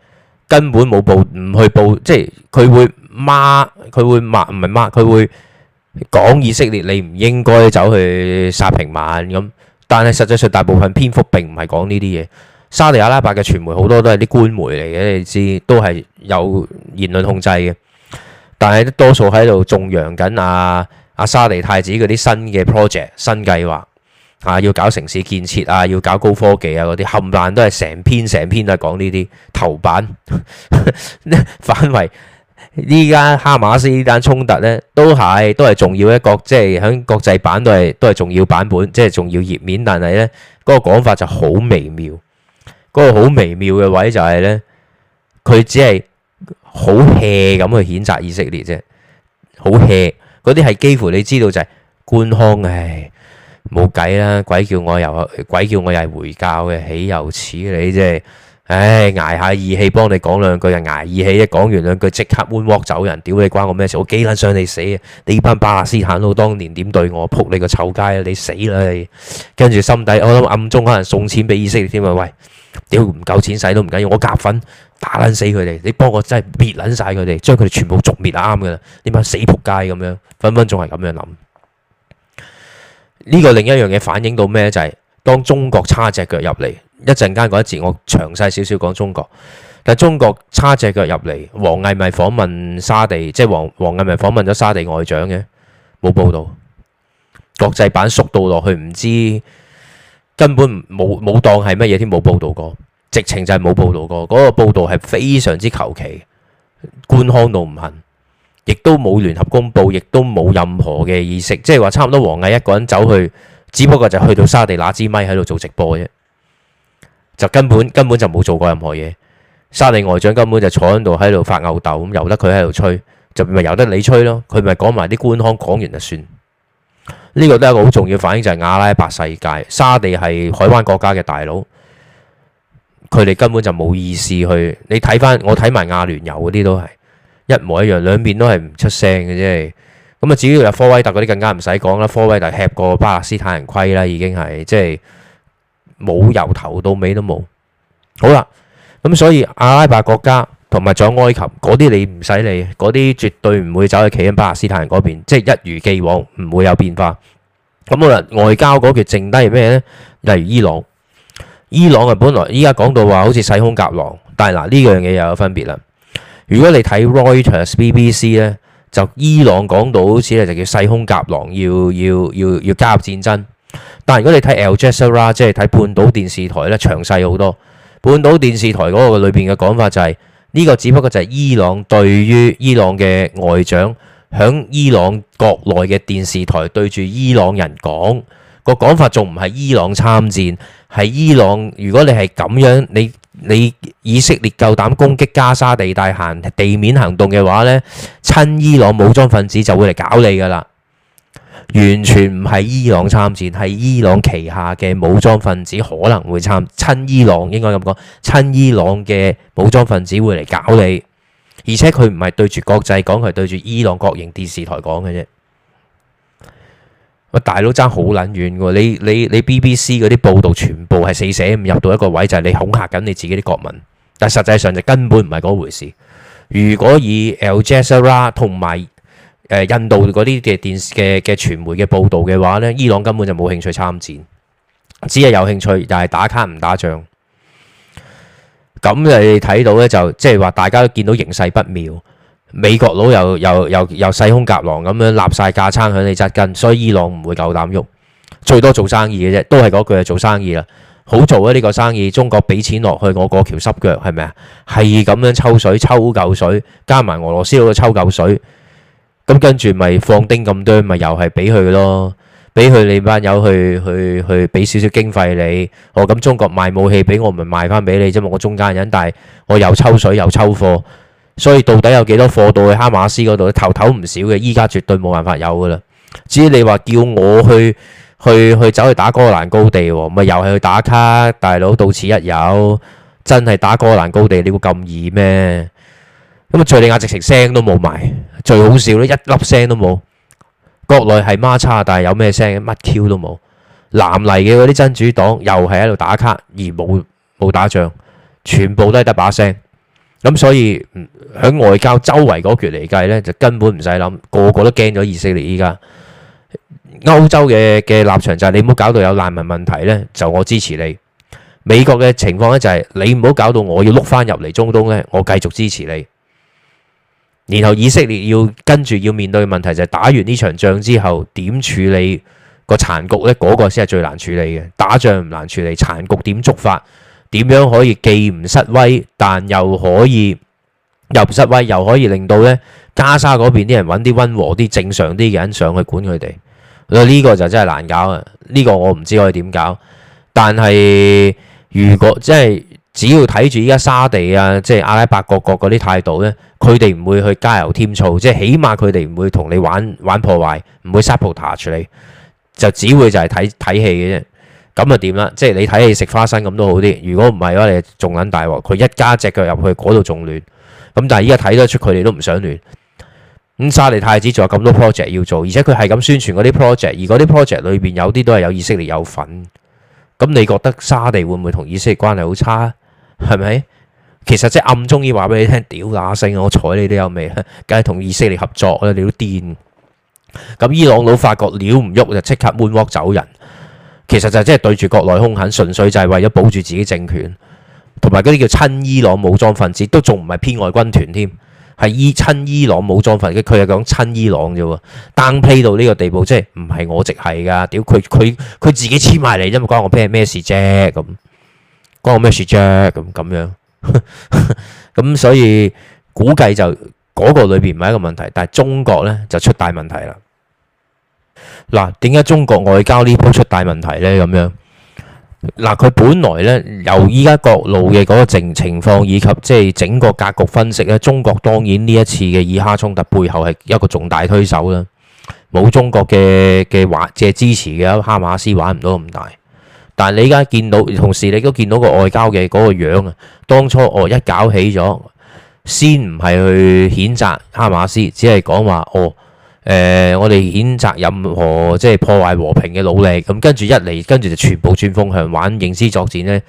根本冇報唔去報，即係佢會抹，佢會抹，唔係抹，佢會講以色列你唔應該走去殺平民咁，但係實際上大部分篇幅並唔係講呢啲嘢。沙地阿拉伯嘅傳媒好多都係啲官媒嚟嘅，你知都係有言論控制嘅。但係多數喺度仲揚緊阿阿沙尼太子嗰啲新嘅 project 新計劃啊，要搞城市建設啊，要搞高科技啊嗰啲冚唪唥都係成篇成篇都係講呢啲頭版 反為。呢家哈馬斯呢單衝突呢都係都係重要一個，即係喺國際版都係都係重要版本，即係重要頁面。但係呢嗰、嗰個講法就好微妙，嗰、嗰個好微妙嘅位就係呢，佢只係，好 hea 咁去譴責以色列啫，好 hea 嗰啲係幾乎你知道就係官腔，唉冇計啦，鬼叫我又鬼叫我又係回教嘅，豈有此理啫？唉，捱下義氣幫你講兩句，就捱義氣一講完兩句即刻搬彎走人，屌你關我咩事？我幾撚想你死啊！你班巴勒斯坦佬當年點對我？撲你個臭街啊！你死啦！你跟住心底我諗暗中可能送錢俾以色列添啊？喂！屌唔夠錢使都唔緊要，我夾粉打撚死佢哋，你幫我真係滅捻晒佢哋，將佢哋全部逐滅啊啱嘅，點解死仆街咁樣，分分鐘係咁樣諗。呢個另一樣嘢，反映到咩就係，當中國插隻腳入嚟，一陣間嗰一節我詳細少少講中國。但中國插隻腳入嚟，王毅咪訪問沙地，即係王王毅咪訪問咗沙地外長嘅，冇報道。國際版縮到落去唔知。根本冇冇當係乜嘢添，冇報導過，直情就係冇報導過。嗰個報導係非常之求其，官腔到唔行，亦都冇聯合公佈，亦都冇任何嘅意識，即係話差唔多王毅一個人走去，只不過就去到沙地拿支咪喺度做直播啫，就根本根本就冇做過任何嘢。沙地外長根本就坐喺度喺度發吽竇，咁由得佢喺度吹，就變由得你吹咯，佢咪講埋啲官腔，講完就算。呢個都係一個好重要反應，就係、是、阿拉伯世界沙地係海灣國家嘅大佬，佢哋根本就冇意思去。你睇翻我睇埋亞聯酋嗰啲都係一模一樣，兩邊都係唔出聲嘅啫。咁啊，至於有科威特嗰啲更加唔使講啦，科威特吃過巴勒斯坦人虧啦，已經係即係冇由頭到尾都冇好啦。咁所以阿拉伯國家。同埋仲有埃及嗰啲，還有還有你唔使理，嗰啲絕對唔會走去企喺巴勒斯坦人嗰邊，即係一如既往唔會有變化。咁好啊，外交嗰橛剩低係咩呢？例如伊朗，伊朗啊，本來依家講到話好似細空夾狼，但係嗱呢樣嘢又有分別啦。如果你睇 Reuters、BBC 呢，就伊朗講到好似咧就叫細空夾狼，要要要要加入戰爭。但如果你睇 Al Jazeera 即係睇半島電視台呢，詳細好多。半島電視台嗰個裏邊嘅講法就係、是。呢個只不過就係伊朗對於伊朗嘅外長響伊朗國內嘅電視台對住伊朗人講、個講法，仲唔係伊朗參戰？係伊朗，如果你係咁樣，你你以色列夠膽攻擊加沙地帶行地面行動嘅話咧，親伊朗武裝分子就會嚟搞你噶啦。完全唔係伊朗參戰，係伊朗旗下嘅武裝分子可能會參，親伊朗應該咁講，親伊朗嘅武裝分子會嚟搞你，而且佢唔係對住國際講，佢係對住伊朗國營電視台講嘅啫。我大佬爭好撚遠喎，你你，你 BBC 嗰啲報道全部係四捨五入到一個位，就係你恐嚇緊你自己啲國民，但實際上就根本唔係嗰回事。如果以 Al Jazeera 同埋印度嗰啲嘅電視嘅嘅傳媒嘅報導嘅話呢，伊朗根本就冇興趣參戰，只係有興趣，但係打卡唔打仗。咁你睇到呢，就即係話大家都見到形勢不妙，美國佬又又又又勢兇夾狼咁樣立晒架撐喺你側近，所以伊朗唔會夠膽喐，最多做生意嘅啫，都係嗰句啊，做生意啦，好做啊！呢個生意，中國俾錢落去，我過橋濕腳係咪啊？係咁樣抽水抽嚿水，加埋俄羅斯佬嘅抽嚿水。咁跟住咪放丁咁多，咪又係俾佢咯？俾佢你班友去去去俾少少經費你。哦，咁中國賣武器俾我，咪賣翻俾你啫嘛。我中間人，但係我又抽水又抽貨，所以到底有幾多貨到去哈馬斯嗰度咧？頭頭唔少嘅，依家絕對冇辦法有噶啦。至於你話叫我去去去走去打哥蘭高地，咪又係去打卡大佬到此一遊。真係打哥蘭高地，你會咁易咩？咁啊，敍利亞直情聲都冇埋，最好笑呢，一粒聲都冇。國內係孖叉，但係有咩聲？乜 Q 都冇。南黎嘅嗰啲真主黨又係喺度打卡，而冇冇打仗，全部都係得把聲。咁所以喺外交周圍嗰橛嚟計呢，就根本唔使諗，個個都驚咗以色列依家。歐洲嘅嘅立場就係你唔好搞到有難民問題呢，就我支持你。美國嘅情況呢，就係你唔好搞到我要碌返入嚟中東呢，我繼續支持你。然後以色列要跟住要面對嘅問題就係打完呢場仗之後點處理個殘局呢？嗰、那個先係最難處理嘅。打仗唔難處理，殘局點捉法？點樣可以既唔失威，但又可以又唔失威，又可以令到呢加沙嗰邊啲人揾啲溫和啲、正常啲嘅人上去管佢哋？呢、這個就真係難搞啊！呢、這個我唔知可以點搞，但係如果真係。即只要睇住依家沙地啊，即係阿拉伯各國嗰啲態度呢，佢哋唔會去加油添醋，即係起碼佢哋唔會同你玩玩破壞，唔會 support 你，就只會就係睇睇戲嘅啫。咁啊點啦？即係你睇戲食花生咁都好啲。如果唔係嘅話，你仲撚大鑊。佢一家隻腳入去嗰度仲亂。咁但係依家睇得出佢哋都唔想亂。咁沙地太子仲有咁多 project 要做，而且佢係咁宣傳嗰啲 project，而嗰啲 project 裏邊有啲都係有以色列有份。咁你覺得沙地會唔會同以色列關係好差？係咪？其實即係暗中要話俾你聽，屌乸聲我睬你都有味，梗係同以色列合作啦，你都癲。咁伊朗佬發覺料唔喐就即刻 move 走人，其實就即係對住國內凶狠，純粹就係為咗保住自己政權，同埋嗰啲叫親伊朗武裝分子都仲唔係編外軍團添，係依親伊朗武裝分子，佢係講親伊朗啫，單 play 到呢個地步，即係唔係我直係噶，屌佢佢佢自己黐埋嚟，因為關我 p 咩事啫咁。關我咩事啫？咁咁樣，咁所以估計就嗰個裏邊唔係一個問題，但係中國咧就出大問題啦。嗱，點解中國外交呢鋪出大問題咧？咁樣，嗱，佢本來咧由依家各路嘅嗰個情情況以及即係整個格局分析咧，中國當然呢一次嘅以哈衝突背後係一個重大推手啦。冇中國嘅嘅玩，即係支持嘅哈馬斯玩唔到咁大。但係你而家見到，同時你都見到個外交嘅嗰個樣啊。當初哦一搞起咗，先唔係去譴責哈馬斯，只係講話哦，誒、呃、我哋譴責任何即係破壞和平嘅努力。咁跟住一嚟，跟住就全部轉風向玩認知作戰呢，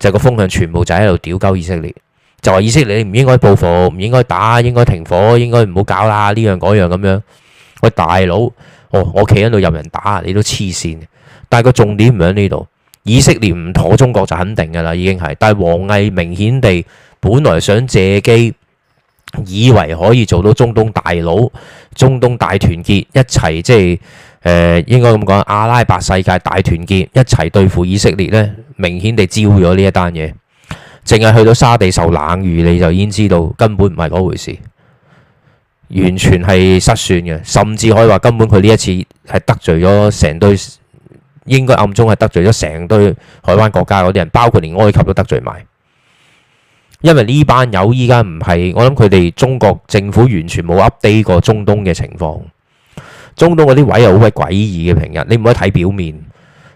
就個風向全部就喺度屌鳩以色列，就話以色列唔應該報復，唔應該打，應該停火，應該唔好搞啦呢樣嗰樣咁樣，樣。喂，大佬哦，我企喺度任人打，你都黐線。但係個重點唔喺呢度。以色列唔妥中國就肯定嘅啦，已經係。但係王毅明顯地，本來想借機，以為可以做到中東大佬、中東大團結一齊，即係誒、呃、應該咁講，阿拉伯世界大團結一齊對付以色列呢，明顯地招咗呢一單嘢，淨係去到沙地受冷遇，你就已經知道根本唔係嗰回事，完全係失算嘅，甚至可以話根本佢呢一次係得罪咗成堆。應該暗中係得罪咗成堆海灣國家嗰啲人，包括連埃及都得罪埋。因為呢班友依家唔係，我諗佢哋中國政府完全冇 update 過，過中東嘅情況。中東嗰啲位又好鬼詭異嘅平日，你唔可以睇表面，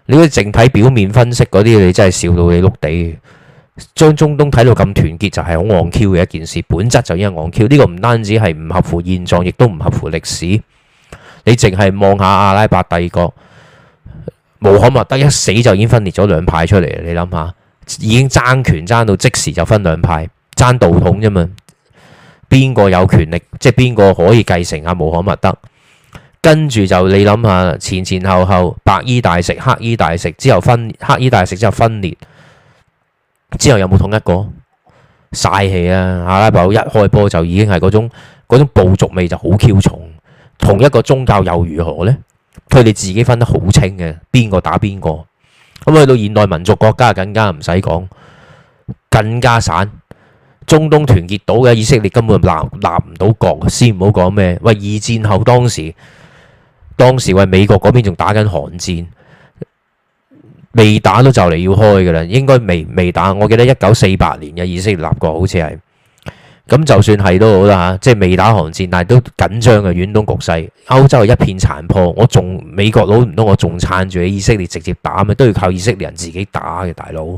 你淨睇表面分析嗰啲，你真係笑到你碌地。將中東睇到咁團結就係好戇 Q 嘅一件事，本質就已經係戇 Q。呢個唔單止係唔合乎現狀，亦都唔合乎歷史。你淨係望下阿拉伯帝、帝國。穆罕默德一死就已經分裂咗兩派出嚟。你諗下，已經爭權爭到即時就分兩派，爭道統啫嘛？邊個有權力，即係邊個可以繼承阿穆罕默德？跟住就你諗下，前前後後白衣大食、黑衣大食之後分，黑衣大食之後分裂，之後有冇統一個嘥氣啊？阿拉伯一開波就已經係嗰種嗰種部族味就好 Q 重，同一個宗教又如何呢？佢哋自己分得好清嘅，邊個打邊個咁，去到現代民族國家更加唔使講，更加散。中東團結到嘅，以色列根本立立唔到國，先唔好講咩喂。二戰後，當時當時喂美國嗰邊仲打緊韓戰，未打都就嚟要開㗎喇，應該未未打。我記得一九四八年嘅以色列立國好，好似係。咁就算係都好啦，即係未打寒戰，但係都緊張嘅遠東局勢，歐洲係一片殘破，我仲美國佬唔通。我仲撐住喺以色列直接打咩？都要靠以色列人自己打嘅大佬。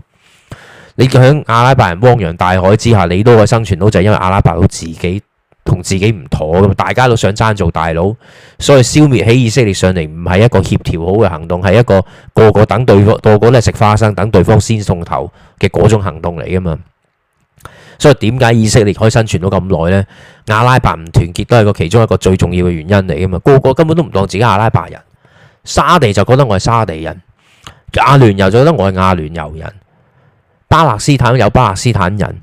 你響阿拉伯人汪洋大海之下，你都可以生存到，就係因為阿拉伯佬自己同自己唔妥，大家都想爭做大佬，所以消滅起以色列上嚟唔係一個協調好嘅行動，係一個個個等對方，個個都係食花生，等對方先送頭嘅嗰種行動嚟嘅嘛。所以點解以色列可以生存到咁耐呢？阿拉伯唔團結都係個其中一個最重要嘅原因嚟噶嘛。個個根本都唔當自己阿拉伯人，沙地就覺得我係沙地人，阿聯酋就覺得我係阿聯酋人，巴勒斯坦有巴勒斯坦人，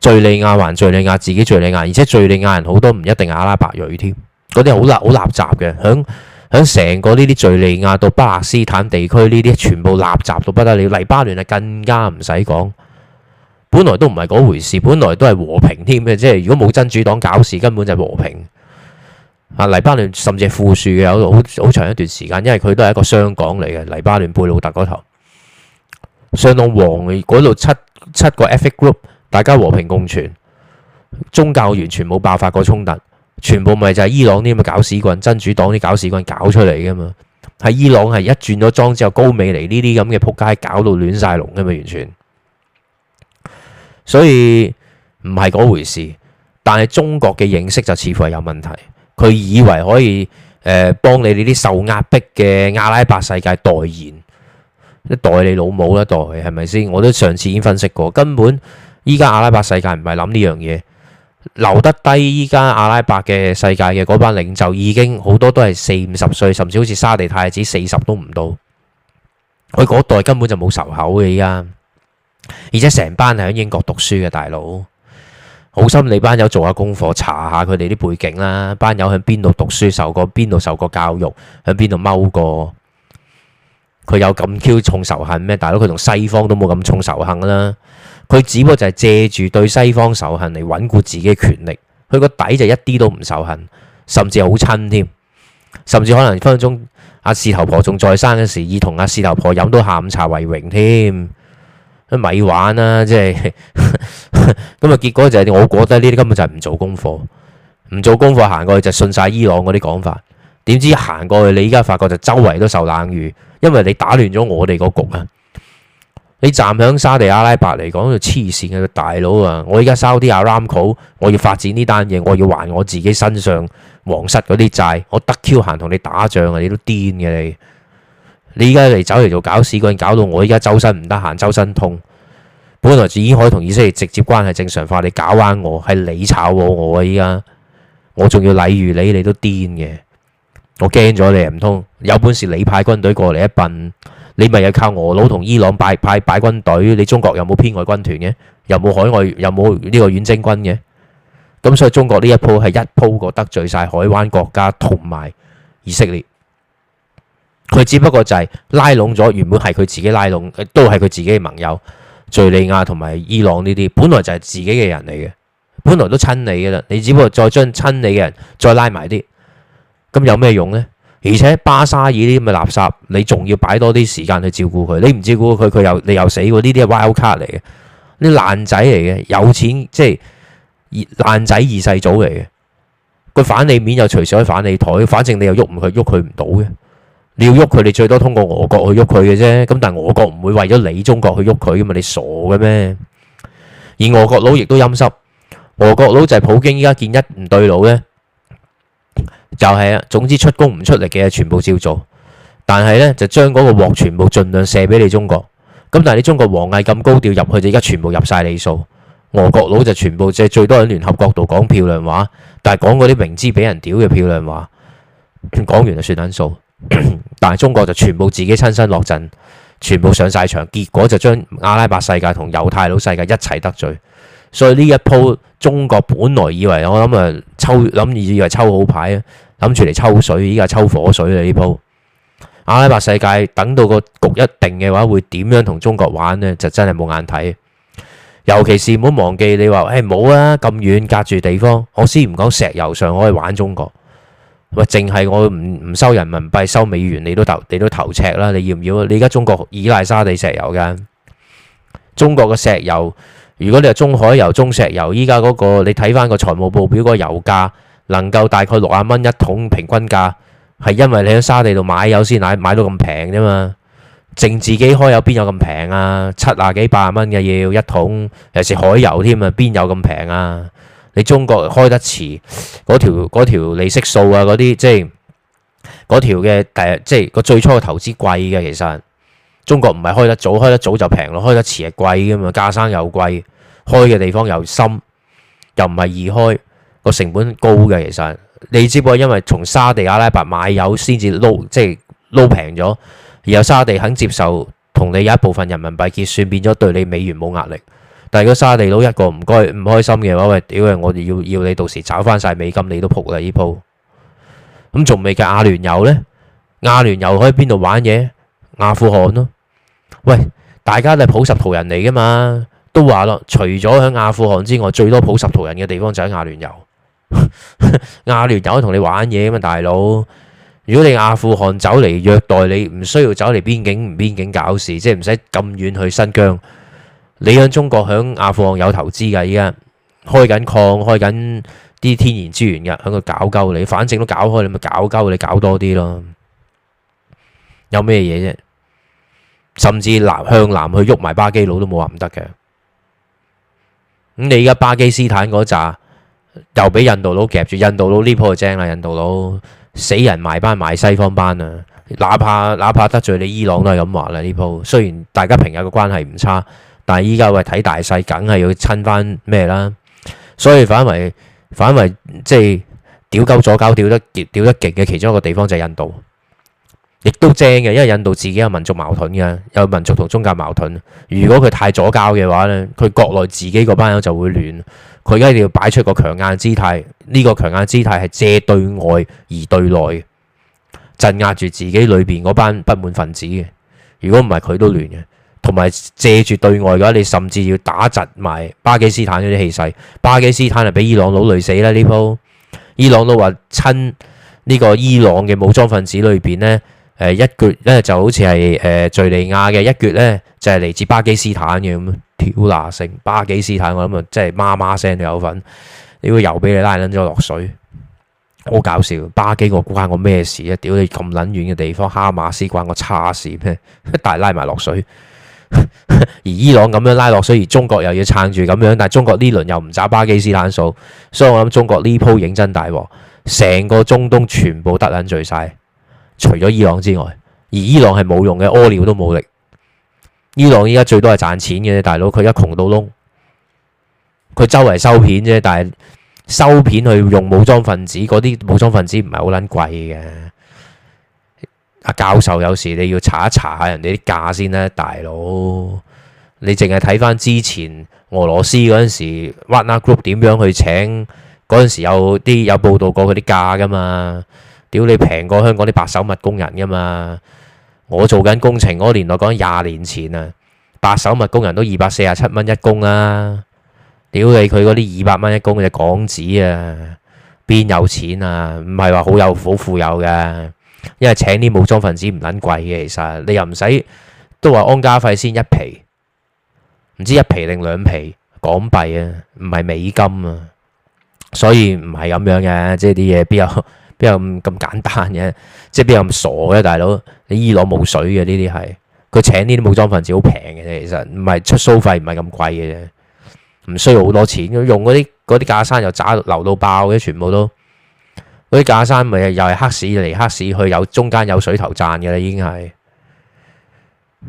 敍利亞還敍利亞自己敍利亞，而且敍利亞人好多唔一定係阿拉伯裔添，嗰啲好垃好垃雜嘅，響響成個呢啲敍利亞到巴勒斯坦地區呢啲全部垃雜到不得了，黎巴嫩啊更加唔使講。本來都唔係嗰回事，本來都係和平添嘅，即係如果冇真主黨搞事，根本就係和平。啊，黎巴嫩甚至富庶嘅，有好好長一段時間，因為佢都係一個商港嚟嘅，黎巴嫩貝魯特嗰頭相當旺嘅，嗰度七七個 ethnic group，大家和平共存，宗教完全冇爆發過衝突，全部咪就係伊朗啲咁嘅搞屎棍，真主黨啲搞屎棍搞出嚟噶嘛。喺伊朗係一轉咗莊之後，高美尼呢啲咁嘅扑街，搞到亂晒龍噶嘛，完全。所以唔係嗰回事，但係中國嘅認識就似乎係有問題。佢以為可以誒、呃、幫你哋啲受壓迫嘅阿拉伯世界代言，一代你老母一代，係咪先？我都上次已經分析過，根本依家阿拉伯世界唔係諗呢樣嘢，留得低依家阿拉伯嘅世界嘅嗰班領袖已經好多都係四五十歲，甚至好似沙地太子四十都唔到，佢嗰代根本就冇仇口嘅依家。而且成班係喺英國讀書嘅大佬，好心你班友做下功課，查下佢哋啲背景啦。班友喺邊度讀書，受過邊度受過教育，喺邊度踎過。佢有咁 Q 重仇恨咩？大佬佢同西方都冇咁重仇恨啦。佢只不過就係借住對西方仇恨嚟穩固自己嘅權力。佢個底就一啲都唔仇恨，甚至好親添。甚至可能分分鐘阿四頭婆仲在生嘅時，以同阿四頭婆飲到下午茶為榮添。咪玩啦，即係咁啊！ 結果就係我覺得呢啲根本就係唔做功課，唔做功課行過去就信晒伊朗嗰啲講法。點知行過去你依家發覺就周圍都受冷遇，因為你打亂咗我哋個局啊！你站響沙地阿拉伯嚟講就黐線嘅大佬啊！我依家收啲 Aramco，我要發展呢單嘢，我要還我自己身上皇室嗰啲債，我得 Q 行同你打仗啊！你都癲嘅你。你依家嚟走嚟做搞屎棍，搞到我依家周身唔得閒，周身痛。本來已經可以同以色列直接關係正常化，你搞彎我，係你炒我，我，我依家我仲要禮遇你，你都癲嘅。我驚咗你，唔通，有本事你派軍隊過嚟一笨，你咪又靠俄佬同伊朗擺派軍隊？你中國有冇編外軍團嘅？有冇海外？有冇呢個遠征軍嘅？咁所以中國呢一鋪係一鋪過得罪晒海灣國家同埋以色列。佢只不過就係拉攏咗原本係佢自己拉攏，都係佢自己嘅盟友，敍利亞同埋伊朗呢啲，本來就係自己嘅人嚟嘅，本來都親你嘅啦，你只不過再將親你嘅人再拉埋啲，咁有咩用呢？而且巴沙爾呢啲咁嘅垃圾，你仲要擺多啲時間去照顧佢，你唔照顧佢佢又你又死喎，呢啲係 wild card 嚟嘅，啲爛仔嚟嘅，有錢即係爛仔二世祖嚟嘅，佢反你面又隨時可以反你台，反正你又喐唔佢，喐佢唔到嘅。你要喐佢，你最多通過俄國去喐佢嘅啫。咁但係俄國唔會為咗你中國去喐佢噶嘛？你傻嘅咩？而俄國佬亦都陰濕，俄國佬就係普京依家見一唔對路咧，就係啊。總之出工唔出力嘅嘢全部照做，但係咧就將嗰個鑊全部盡量射俾你中國。咁但係你中國王毅咁高調入去，就依家全部入曬你數。俄國佬就全部即係最多喺聯合國度講漂亮話，但係講嗰啲明知俾人屌嘅漂亮話，講完就算撚數。但係中國就全部自己親身落陣，全部上晒場，結果就將阿拉伯世界同猶太佬世界一齊得罪。所以呢一鋪中國本來以為我諗啊抽諗以為抽好牌啊，諗住嚟抽水，依家抽火水啦！呢鋪阿拉伯世界等到個局一定嘅話，會點樣同中國玩呢？就真係冇眼睇。尤其是唔好忘記你話，誒冇啊咁遠隔住地方，我先唔講石油上，可以玩中國。喂，淨係我唔唔收人民幣，收美元，你都頭你都頭赤啦，你要唔要啊？你而家中國依賴沙地石油嘅，中國嘅石油，如果你係中海油、中石油，依家嗰個你睇翻個財務報表，嗰個油價能夠大概六啊蚊一桶平均價，係因為你喺沙地度買油先，買買到咁平啫嘛。淨自己開油邊有咁平啊？七啊幾八啊蚊嘅，要一桶，又是海油添啊，邊有咁平啊？你中國開得遲，嗰條嗰條利息數啊，嗰啲即係嗰條嘅第，即係個最初嘅投資貴嘅。其實中國唔係開得早，開得早就平咯，開得遲係貴噶嘛，架生又貴，開嘅地方又深，又唔係易開，個成本高嘅。其實你只不過因為從沙地阿拉伯買油先至撈，即係撈平咗，然後沙地肯接受同你有一部分人民幣結算，變咗對你美元冇壓力。但係如果沙地佬一個唔開唔開心嘅話，喂，屌，我哋要要你到時找翻晒美金，你都仆啦呢鋪。咁仲未嘅阿聯酋呢？阿聯酋可以邊度玩嘢？阿富汗咯。喂，大家都係普什圖人嚟噶嘛？都話咯，除咗喺阿富汗之外，最多普什圖人嘅地方就喺阿聯酋。阿聯酋同你玩嘢咁啊，大佬！如果你阿富汗走嚟虐待你，唔需要走嚟邊境，唔邊境搞事，即係唔使咁遠去新疆。你喺中國、喺阿富汗有投資㗎，依家開緊礦、開緊啲天然資源㗎，喺度搞鳩你，反正都搞開，你咪搞鳩你，搞多啲咯。有咩嘢啫？甚至南向南去喐埋巴基佬都冇話唔得嘅。咁你依家巴基斯坦嗰扎又俾印度佬夾住，印度佬呢鋪就正啦，印度佬死人埋班埋西方班啦，哪怕哪怕得罪你伊朗都係咁話啦，呢鋪雖然大家平日嘅關係唔差。但係依家話睇大細，梗係要親翻咩啦？所以反為反為即係屌鳩左膠屌得極屌得極嘅其中一個地方就係印度，亦都正嘅，因為印度自己有民族矛盾嘅，有民族同宗教矛盾。如果佢太左膠嘅話咧，佢國內自己嗰班友就會亂。佢而家一定要擺出個強硬姿態，呢、這個強硬姿態係借對外而對內鎮壓住自己裏邊嗰班不滿分子嘅。如果唔係，佢都亂嘅。同埋借住對外嘅話，你甚至要打窒埋巴基斯坦嗰啲氣勢。巴基斯坦啊，俾伊朗佬累死啦呢鋪。伊朗都話親呢個伊朗嘅武裝分子裏邊呢，誒、呃、一撅呢就好似係誒敍利亞嘅一撅呢，就係嚟、呃就是、自巴基斯坦嘅咁挑拿性。巴基斯坦我諗啊，真係媽媽聲都有份，呢個又俾你拉撚咗落水，好、嗯、搞笑。巴基我關我咩事啊？屌你咁撚遠嘅地方，哈馬斯關我叉事咩？ 一大拉埋落水。 而伊朗咁樣拉落，所以中國又要撐住咁樣，但係中國呢輪又唔揸巴基斯坦數，所以我諗中國呢鋪認真大鑊，成個中東全部得捻聚晒，除咗伊朗之外，而伊朗係冇用嘅，屙尿都冇力。伊朗依家最多係賺錢嘅大佬，佢一窮到窿，佢周圍收片啫，但係收片去用武裝分子，嗰啲武裝分子唔係好捻貴嘅。教授有時你要查一查下人哋啲價先啦、啊，大佬。你淨係睇翻之前俄羅斯嗰陣時，Wagner Group 點樣去請嗰陣時有啲有報道過佢啲價噶嘛？屌你平過香港啲白手物工人噶嘛？我做緊工程嗰年代講廿年前啊，白手物工人都二百四十七蚊一工啦、啊。屌你佢嗰啲二百蚊一工嘅港紙啊，邊有錢啊？唔係話好有好富有嘅。因為請啲武裝分子唔捻貴嘅，其實你又唔使都話安家費先一皮，唔知一皮定兩皮港幣啊，唔係美金啊，所以唔係咁樣嘅，即係啲嘢邊有邊有咁簡單嘅、啊，即係邊有咁傻嘅、啊、大佬，你伊朗冇水嘅呢啲係，佢請呢啲武裝分子好平嘅，啫，其實唔係出 show 費唔係咁貴嘅啫，唔需要好多錢，用嗰啲嗰啲架生又渣流到爆嘅，全部都。嗰啲假山咪又係黑市嚟，黑市去，有中間有水頭賺嘅啦，已經係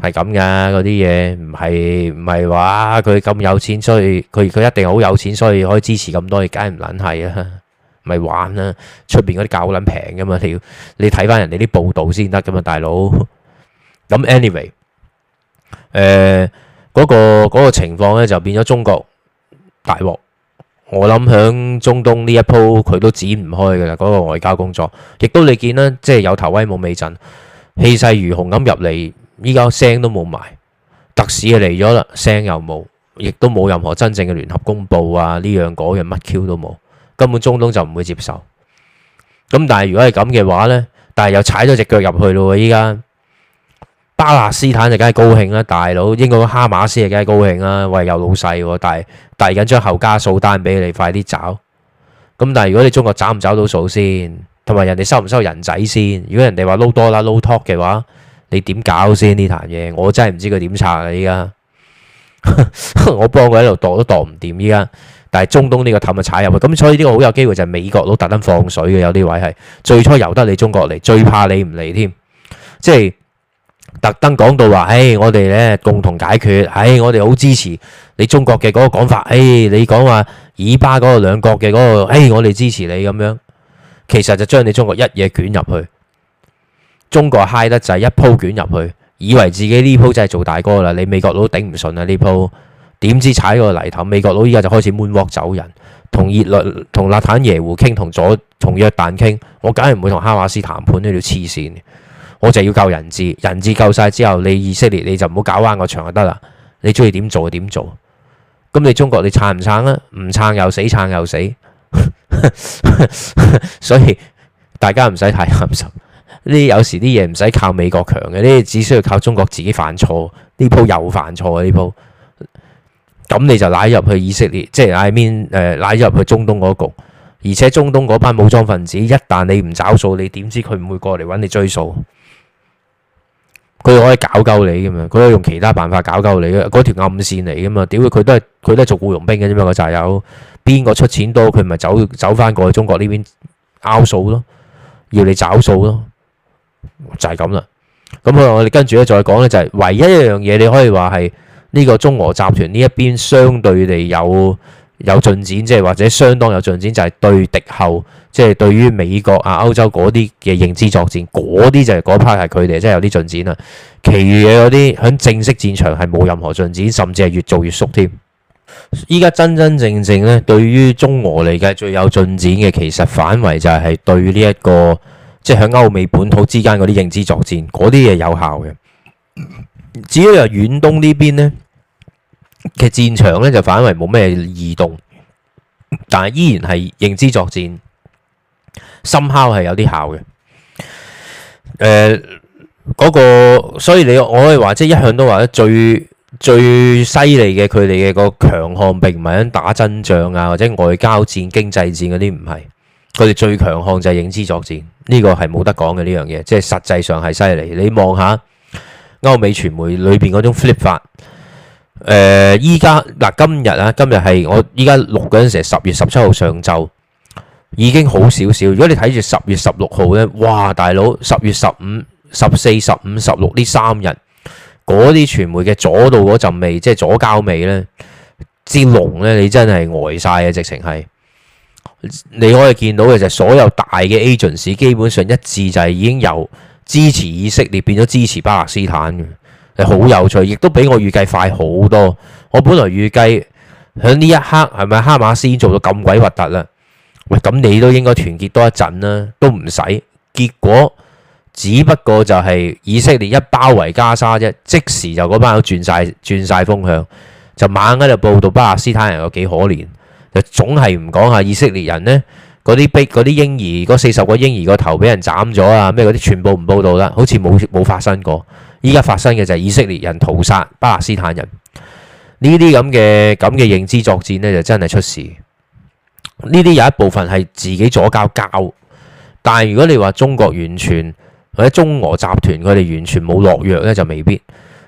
係咁嘅嗰啲嘢，唔係唔係話佢咁有錢，所以佢佢一定好有錢，所以可以支持咁多嘢，梗係唔撚係啦，咪玩啦！出邊嗰啲教撚平噶嘛，你要你睇翻人哋啲報道先得噶嘛，大佬。咁，anyway，誒，嗰個嗰個情況咧就變咗中國大鑊。我諗喺中東呢一鋪佢都展唔開嘅啦，嗰個外交工作，亦都你見啦，即係有頭威冇尾陣，氣勢如虹咁入嚟，依家聲都冇埋，特使嚟咗啦，聲又冇，亦都冇任何真正嘅聯合公布啊，呢樣嗰樣乜 Q 都冇，根本中東就唔會接受。咁但係如果係咁嘅話呢，但係又踩咗隻腳入去咯，依家。巴勒斯坦就梗係高興啦，大佬。英國個哈馬斯係梗係高興啦，喂又老細，遞遞緊張後加數單俾你，快啲找。咁但係如果你中國找唔找到數先，同埋人哋收唔收人仔先？如果人哋話撈多啦撈 top 嘅話，你點搞先呢？壇嘢我真係唔知佢點查啊！依家 我幫佢喺度度都度唔掂，依家。但係中東呢個氹咪踩入去咁，所以呢個好有機會就係美國佬特登放水嘅，有啲位係最初由得你中國嚟，最怕你唔嚟添，即係。特登講到話，誒、哎，我哋咧共同解決，誒、哎，我哋好支持你中國嘅嗰個講法，誒、哎，你講話以巴嗰個兩國嘅嗰個，誒、那個哎，我哋支持你咁樣，其實就將你中國一嘢捲入去，中國嗨得就係一鋪捲入去，以為自己呢鋪真係做大哥啦，你美國佬都頂唔順啦呢鋪，點知踩個泥潭。美國佬依家就開始 moonwalk 走人，同熱論同納坦耶胡傾，同左同約旦傾，我梗係唔會同哈馬斯談判呢條黐線。我就要救人質，人質救晒之後，你以色列你就唔好搞歪個場就得啦。你中意點做就點做，咁你中國你撐唔撐啊？唔撐又死撐又死，又死 所以大家唔使太擔心呢。有時啲嘢唔使靠美國強嘅，呢只需要靠中國自己犯錯。呢鋪又犯錯，呢鋪，咁你就拉入去以色列，即係 I mean 誒拉入去中東嗰局，而且中東嗰班武裝分子一旦你唔找數，你點知佢唔會過嚟揾你追數？佢可以搞鳩你咁嘛，佢可以用其他辦法搞鳩你嘅嗰條暗線嚟噶嘛？屌佢！都係佢都係做雇傭兵嘅啫嘛！佢就係有邊個出錢多，佢咪走走返過去中國呢邊拗數咯，要你找數咯，就係咁啦。咁、嗯、啊，我哋跟住咧再講咧、就係，就係唯一一樣嘢，你可以話係呢個中俄集團呢一邊相對地有。有進展，即係或者相當有進展，就係對敵後，即係對於美國啊、歐洲嗰啲嘅認知作戰，嗰啲就係嗰一 part 係佢哋，即係有啲進展啦。其餘嘢嗰啲響正式戰場係冇任何進展，甚至係越做越縮添。依家真真正正咧，對於中俄嚟嘅最有進展嘅，其實反為就係係對呢一個即係響歐美本土之間嗰啲認知作戰，嗰啲嘢有效嘅。至於由遠東呢邊呢？嘅戰場咧就反為冇咩異動，但係依然係認知作戰，深敲係有啲效嘅。誒、呃、嗰、那個所以你我可以話，即係一向都話得最最犀利嘅，佢哋嘅個強項並唔係喺打真仗，啊，或者外交戰、經濟戰嗰啲唔係，佢哋最強項就係認知作戰，呢、這個係冇得講嘅呢樣嘢，即係實際上係犀利。你望下歐美傳媒裏邊嗰種 flip 法。誒，依家嗱今日啊，今，今日係我依家錄嗰陣時，十月十七號上晝已經好少少。如果你睇住十月十六號呢，哇大佬，十月十五、十四、十五、十六呢三日，嗰啲傳媒嘅左度嗰陣味，即係左膠味呢，之濃呢，你真係呆晒啊！直情係你可以見到嘅就係所有大嘅 agents，基本上一致就係已經由支持以色列變咗支持巴勒斯坦嘅。好有趣，亦都比我預計快好多。我本來預計喺呢一刻係咪哈馬斯做到咁鬼核突啦？喂，咁你都應該團結多一陣啦，都唔使。結果只不過就係以色列一包圍加沙啫，即時就嗰班人轉晒轉曬風向，就猛喺度報導巴勒斯坦人有幾可憐，就總係唔講下以色列人呢，嗰啲逼啲嬰兒，嗰四十個嬰兒個頭俾人斬咗啊咩嗰啲全部唔報導啦，好似冇冇發生過。依家發生嘅就係以色列人屠殺巴勒斯坦人，呢啲咁嘅咁嘅認知作戰呢，就真係出事。呢啲有一部分係自己左交交，但係如果你話中國完全或者中俄集團佢哋完全冇落藥呢，就未必。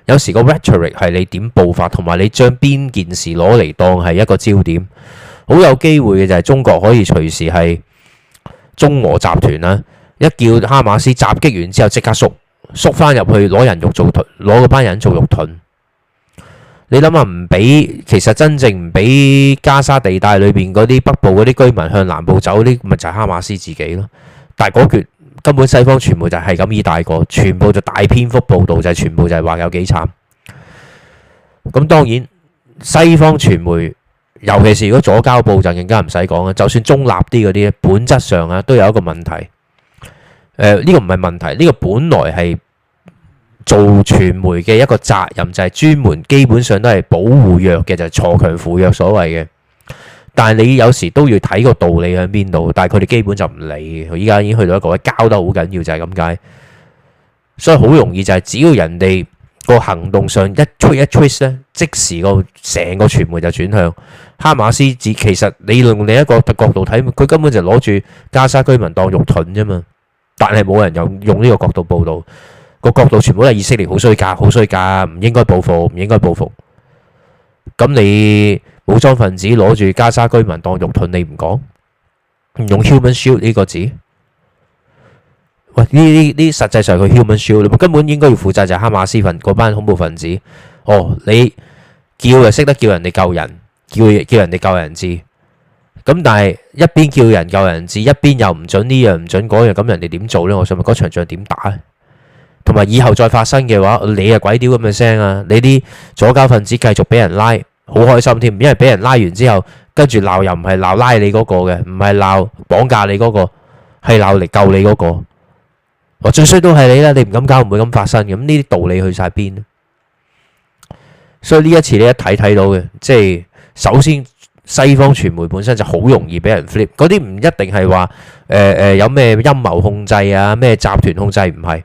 有時個 rhetoric 係你點步法同埋你將邊件事攞嚟當係一個焦點，好有機會嘅就係中國可以隨時係中俄集團啦，一叫哈馬斯襲擊完之後即刻縮。縮翻入去攞人肉做盾，攞嗰班人做肉盾。你諗下，唔俾其實真正唔俾加沙地帶裏邊嗰啲北部嗰啲居民向南部走，啲咪就係哈馬斯自己咯。但係嗰橛根本西方傳媒就係咁依大個，全部就大篇幅報導就係全部就係話有幾慘。咁當然西方傳媒，尤其是如果左交報陣就更加唔使講啦。就算中立啲嗰啲，本質上啊都有一個問題。誒呢個唔係問題，呢個本來係做傳媒嘅一個責任，就係專門基本上都係保護弱嘅，就係鋤強扶弱所謂嘅。但係你有時都要睇個道理喺邊度。但係佢哋基本就唔理，依家已經去到一個位，交得好緊要就係咁解。所以好容易就係只要人哋個行動上一 twist 一 twist 咧，即時個成個傳媒就轉向哈馬斯。只其實你用另一個角度睇，佢根本就攞住加沙居民當肉盾啫嘛。但係冇人用用呢個角度報道，嗰個角度全部都係以色列好衰格，好衰格，唔應該報復，唔應該報復。咁你武裝分子攞住加沙居民當肉盾，你唔講，唔用 human shield 呢個字。喂，呢啲呢，實際上佢 human shield，根本應該要負責就係哈馬斯份嗰班恐怖分子。哦，你叫就識得叫人哋救人，叫叫人哋救人質。咁但係一邊叫人救人質，一邊又唔准呢樣唔准嗰樣，咁人哋點做呢？我想問嗰場仗點打？同埋以後再發生嘅話，你啊鬼屌咁嘅聲啊！你啲左膠分子繼續俾人拉，好開心添，因為俾人拉完之後，跟住鬧又唔係鬧拉你嗰個嘅，唔係鬧綁架你嗰個，係鬧嚟救你嗰個。我最衰都係你啦，你唔敢搞，唔會咁發生嘅。咁呢啲道理去晒邊？所以呢一次你一睇睇到嘅，即係首先。西方傳媒本身就好容易俾人 flip，嗰啲唔一定係話誒誒有咩陰謀控制啊，咩集團控制。唔係，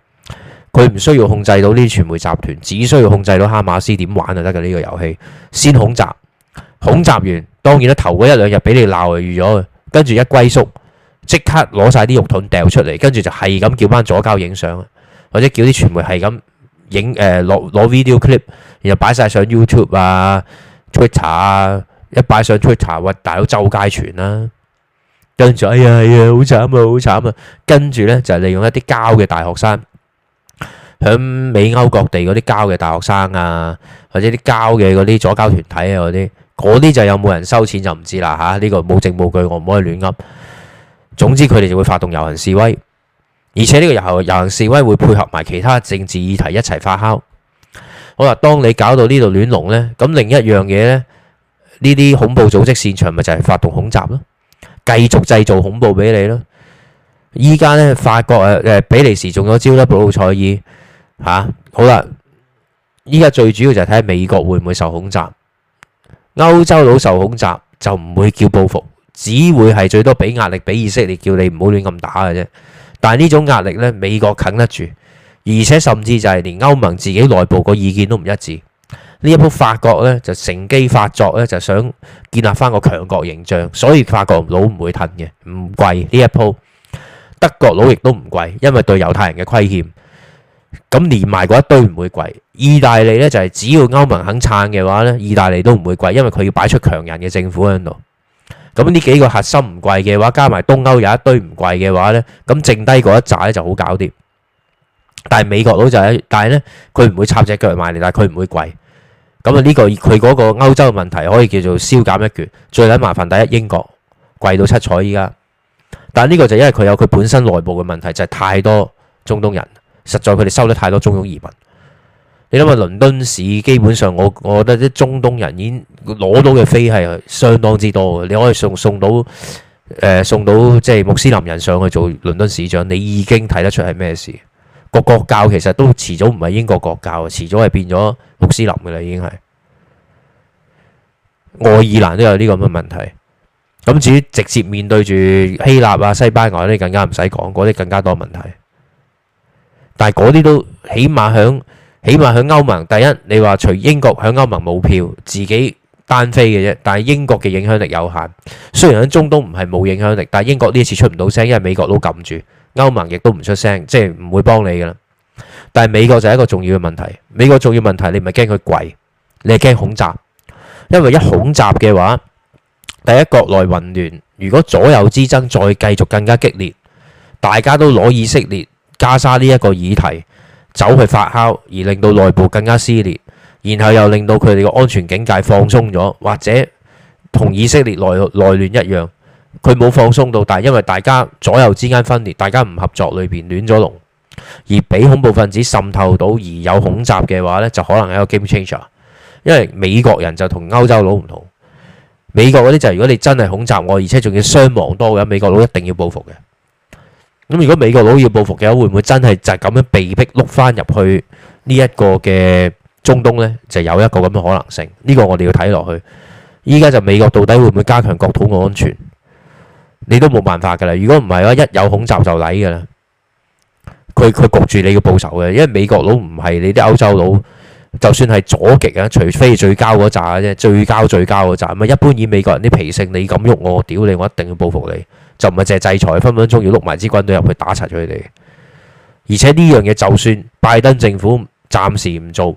佢唔需要控制到呢啲傳媒集團，只需要控制到哈馬斯點玩就得嘅。呢個遊戲先恐襲，恐襲完當然啦，頭嗰一兩日俾你鬧就預咗嘅，跟住一歸宿，即刻攞晒啲肉盾掉出嚟，跟住就係咁叫返左膠影相，或者叫啲傳媒係咁影，誒攞攞 video clip，然後擺晒上 YouTube 啊、Twitter 啊。一擺上 Twitter，哇！大佬周街傳啦，跟住哎呀，哎呀，好慘啊，好慘啊。跟住咧就係利用一啲交嘅大學生，響美歐各地嗰啲交嘅大學生啊，或者啲交嘅嗰啲左交團體啊嗰啲，嗰啲就有冇人收錢就唔知啦嚇。呢個冇證無據，我唔可以亂噏。總之佢哋就會發動遊行示威，而且呢個遊行遊行示威會配合埋其他政治議題一齊發酵。好啦，當你搞到呢度亂龍咧，咁另一樣嘢咧。呢啲恐怖組織擅長咪就係發動恐襲咯，繼續製造恐怖俾你咯。依家呢，法國誒誒比利時中咗招啦，布魯塞爾嚇、啊。好啦，依家最主要就係睇美國會唔會受恐襲，歐洲佬受恐襲就唔會叫報復，只會係最多俾壓力俾以色列，叫你唔好亂咁打嘅啫。但係呢種壓力呢，美國啃得住，而且甚至就係連歐盟自己內部個意見都唔一致。呢一鋪法國咧就乘機發作咧，就想建立翻個強國形象，所以法國佬唔會褪嘅，唔貴呢一鋪。德國佬亦都唔貴，因為對猶太人嘅虧欠咁連埋嗰一堆唔會貴。意大利咧就係、是、只要歐盟肯撐嘅話咧，意大利都唔會貴，因為佢要擺出強人嘅政府喺度。咁呢幾個核心唔貴嘅話，加埋東歐有一堆唔貴嘅話咧，咁剩低嗰一紮咧就好搞掂。但係美國佬就係、是，但係咧佢唔會插隻腳埋嚟，但係佢唔會貴。咁啊，呢、這個佢嗰個歐洲嘅問題可以叫做消減一橛，最緊麻煩第一英國貴到七彩依家。但係呢個就因為佢有佢本身內部嘅問題就係、是、太多中東人，實在佢哋收得太多中東移民。你諗下，倫敦市基本上，我我覺得啲中東人已經攞到嘅飛係相當之多嘅，你可以送送到誒、呃、送到即係穆斯林人上去做倫敦市長，你已經睇得出係咩事。個國教其實都遲早唔係英國國教啊，遲早係變咗穆斯林噶啦，已經係。愛爾蘭都有呢啲咁嘅問題，咁至於直接面對住希臘啊、西班牙咧，更加唔使講，嗰啲更加多問題。但係嗰啲都起碼響，起碼響歐盟。第一，你話除英國響歐盟冇票，自己單飛嘅啫。但係英國嘅影響力有限，雖然響中東唔係冇影響力，但係英國呢次出唔到聲，因為美國都撳住。歐盟亦都唔出聲，即係唔會幫你㗎喇。但係美國就係一個重要嘅問題。美國重要問題你，你唔係驚佢貴，你係驚恐襲。因為一恐襲嘅話，第一，國內混亂。如果左右之爭再繼續更加激烈，大家都攞以色列加沙呢一個議題走去發酵，而令到內部更加撕裂，然後又令到佢哋嘅安全警戒放鬆咗，或者同以色列內內亂一樣。佢冇放鬆到大，但因為大家左右之間分裂，大家唔合作，裏邊亂咗龍，而俾恐怖分子滲透到而有恐襲嘅話呢，就可能係一個 game changer。因為美國人就同歐洲佬唔同，美國嗰啲就係如果你真係恐襲我，而且仲要傷亡多嘅，美國佬一定要報復嘅。咁如果美國佬要報復嘅話，會唔會真係就係咁樣被逼碌返入去呢一個嘅中東呢？就有一個咁嘅可能性。呢個我哋要睇落去。依家就美國到底會唔會加強國土嘅安全？你都冇辦法噶啦。如果唔係話，一有恐襲就嚟噶啦，佢佢，焗住你要報仇嘅，因為美國佬唔係你啲歐洲佬，就算係左膠啊，除非最膠嗰扎啫，最膠最膠嗰扎。啊，一般以美國人啲脾性，你敢喐我，我屌你，我一定要報復你，就唔係淨係制裁，分分鐘要碌埋支軍隊入去打殘咗你哋。而且呢樣嘢就算拜登政府暫時唔做，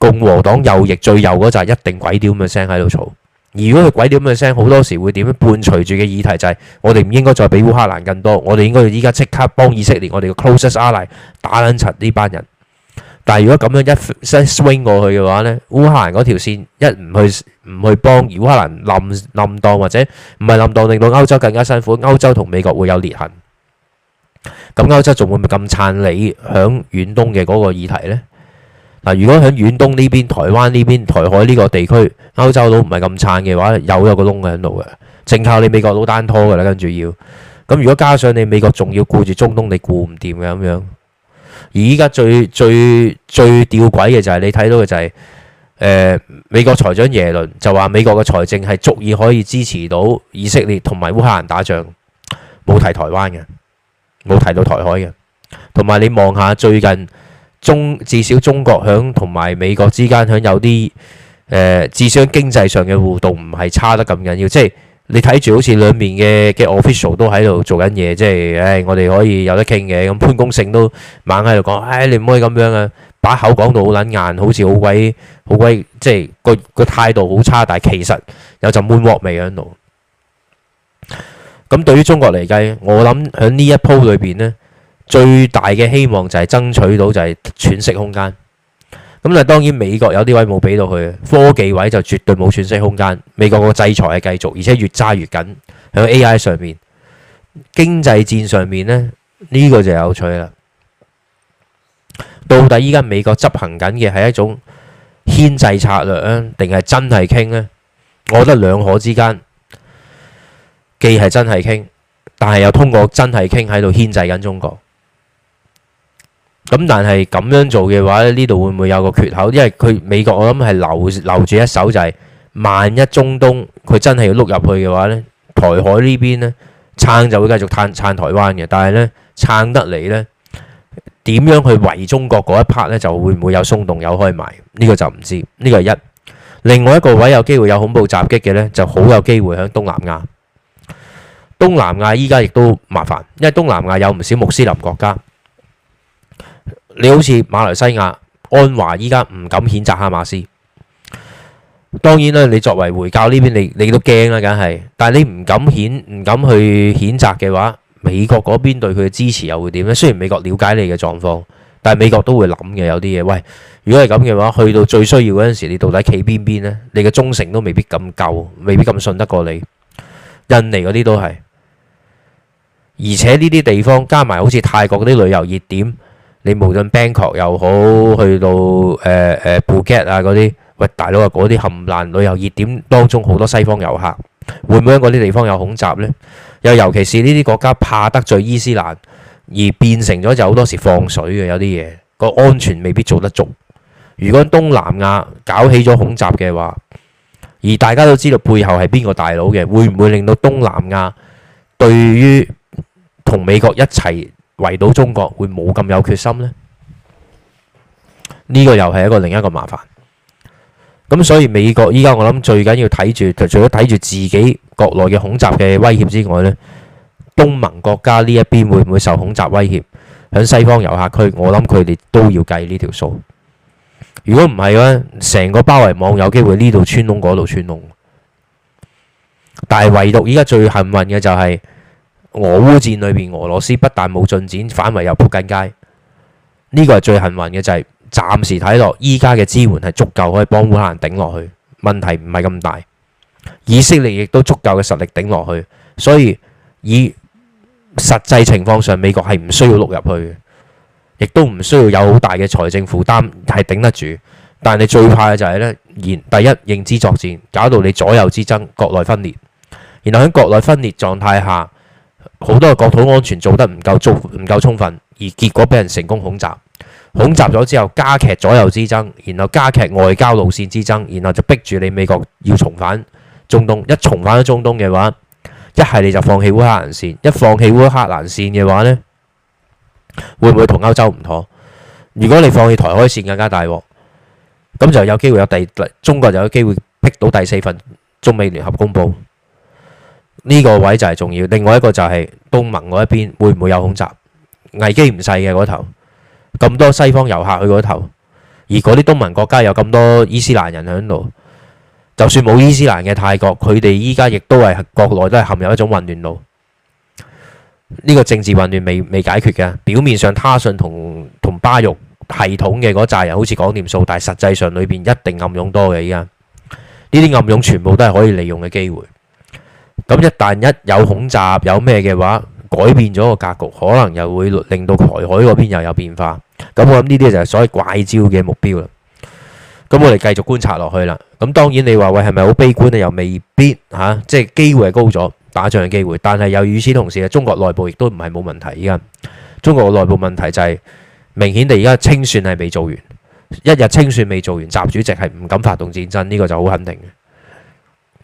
共和黨右翼最右嗰扎一定鬼屌咁嘅聲喺度嘈。如果佢鬼點嘅聲，好多時會點樣？伴隨住嘅議題就係、是、我哋唔應該再比烏克蘭更多，我哋應該要依家即刻幫以色列，我哋嘅 closest ally 打撚柒呢班人。但係如果咁樣一 swing 過去嘅話呢，烏克蘭嗰條線一唔去唔去幫，而烏克蘭冧冧檔，或者唔係冧檔，令到歐洲更加辛苦，歐洲同美國會有裂痕。咁歐洲仲會唔會咁撐你響遠東嘅嗰個議題咧？嗱，如果喺遠東呢邊、台灣呢邊、台海呢個地區，歐洲佬唔係咁撐嘅話，又有個窿喺度嘅，淨靠你美國佬單拖嘅啦，跟住要。咁如果加上你美國仲要顧住中東，你顧唔掂嘅咁樣。而依家最最最吊詭嘅就係你睇到嘅就係、是，誒、呃、美國財長耶倫就話美國嘅財政係足以可以支持到以色列同埋烏克蘭打仗，冇提台灣嘅，冇提到台海嘅。同埋你望下最近。中至少中國響同埋美國之間響有啲誒，至少經濟上嘅互動唔係差得咁緊要，即係你睇住好似兩邊嘅嘅 official 都喺度做緊嘢，即係誒，我哋可以有得傾嘅。咁潘功勝都猛喺度講，誒你唔可以咁樣啊，把口講到好撚硬，好似好鬼好鬼，即係個個態度好差，但係其實有陣悶鑊味喺度。咁對於中國嚟計，我諗喺呢一鋪裏邊咧。最大嘅希望就係爭取到就係喘息空間。咁啊，當然美國有啲位冇俾到佢，科技位就絕對冇喘息空間。美國個制裁係繼續，而且越揸越緊喺 AI 上面、經濟戰上面呢，呢，呢個就有趣啦。到底依家美國執行緊嘅係一種牽制策略咧，定係真係傾呢？我覺得兩可之間，既係真係傾，但係又通過真係傾喺度牽制緊中國。咁但係咁樣做嘅話，呢度會唔會有個缺口？因為佢美國我，我諗係留留住一手，就係萬一中東佢真係要碌入去嘅話，呢台海呢邊呢撐就會繼續撐撐台灣嘅。但係呢撐得嚟呢，點樣去圍中國嗰一 part 呢，就會唔會有鬆動有開埋？呢、呢個就唔知。呢個係一。另外一個位有機會有恐怖襲擊嘅呢，就好有機會喺東南亞。東南亞依家亦都麻煩，因為東南亞有唔少穆斯林國家。你好似馬來西亞安華，依家唔敢譴責哈馬斯。當然啦，你作為回教呢邊，你你都驚啦，梗係。但係你唔敢譴唔敢去譴責嘅話，美國嗰邊對佢嘅支持又會點呢？雖然美國了解你嘅狀況，但係美國都會諗嘅有啲嘢。喂，如果係咁嘅話，去到最需要嗰陣時，你到底企邊邊呢？你嘅忠誠都未必咁夠，未必咁信得過你。印尼嗰啲都係，而且呢啲地方加埋好似泰國嗰啲旅遊熱點。你無論 Bangkok 又好，去到誒誒布吉啊嗰啲，喂大佬啊，嗰啲冚爛旅遊熱點當中，好多西方遊客會唔會喺嗰啲地方有恐襲呢？又尤其是呢啲國家怕得罪伊斯蘭，而變成咗就好多時放水嘅有啲嘢，個安全未必做得足。如果東南亞搞起咗恐襲嘅話，而大家都知道背後係邊個大佬嘅，會唔會令到東南亞對於同美國一齊圍堵中國會冇咁有決心咧？呢個又係一個另一個麻煩。咁所以美國依家我諗最緊要睇住，除咗睇住自己國內嘅恐襲嘅威脅之外咧，東盟國家呢一邊會唔會受恐襲威脅？響西方遊客區，我諗佢哋都要計呢條數。如果唔係咧，成個包圍網有機會呢度穿窿嗰度穿窿。但係唯獨依家最幸運嘅就係。俄烏戰裏面，俄羅斯不但冇進展，反為又撲緊街。呢個係最幸運嘅就係、是、暫時睇落，依家嘅支援係足夠，可以幫烏克蘭頂落去。問題唔係咁大，以色列亦都足夠嘅實力頂落去，所以以實際情況上，美國係唔需要碌入去嘅，亦都唔需要有好大嘅財政負擔係頂得住。但係最怕嘅就係、是、呢，然第一認知作戰搞到你左右之爭，國內分裂，然後喺國內分裂狀態下。好多國土安全做得唔夠足，唔夠充分，而結果俾人成功恐襲，恐襲咗之後加劇左右之爭，然後加劇外交路線之爭，然後就逼住你美國要重返中東。一重返咗中東嘅話，一係你就放棄烏克蘭線，一放棄烏克蘭線嘅話呢，會唔會同歐洲唔妥？如果你放棄台海線，更加大鑊，咁就有機會有第中國就有機會逼到第四份，中美聯合公布。呢個位就係重要，另外一個就係東盟嗰一邊會唔會有恐襲？危機唔細嘅嗰頭，咁多西方遊客去嗰頭，而嗰啲東盟國家有咁多伊斯蘭人響度，就算冇伊斯蘭嘅泰國，佢哋依家亦都係國內都係陷入一種混亂路。呢、這個政治混亂未未解決嘅，表面上他信同同巴育系統嘅嗰扎人好似講掂數，但係實際上裏邊一定暗湧多嘅依家。呢啲暗湧全部都係可以利用嘅機會。咁一旦一有恐襲有咩嘅話，改變咗個格局，可能又會令到台海嗰邊又有變化。咁我諗呢啲就係所謂怪招嘅目標啦。咁我哋繼續觀察落去啦。咁當然你話喂係咪好悲觀啊？又未必吓、啊，即係機會係高咗，打仗嘅機會。但係又與此同時，中國內部亦都唔係冇問題。依家中國嘅內部問題就係、是、明顯地而家清算係未做完，一日清算未做完，習主席係唔敢發動戰爭。呢、這個就好肯定。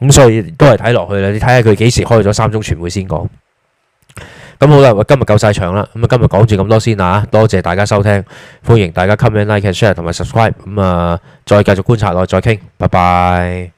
咁所以都係睇落去啦，你睇下佢幾時開咗三中全會先講。咁好啦，今日夠晒場啦，咁啊，今日講住咁多先啦，多謝大家收聽，歡迎大家 comment、like、share 同埋 subscribe。咁啊，再繼續觀察落，再傾，拜拜。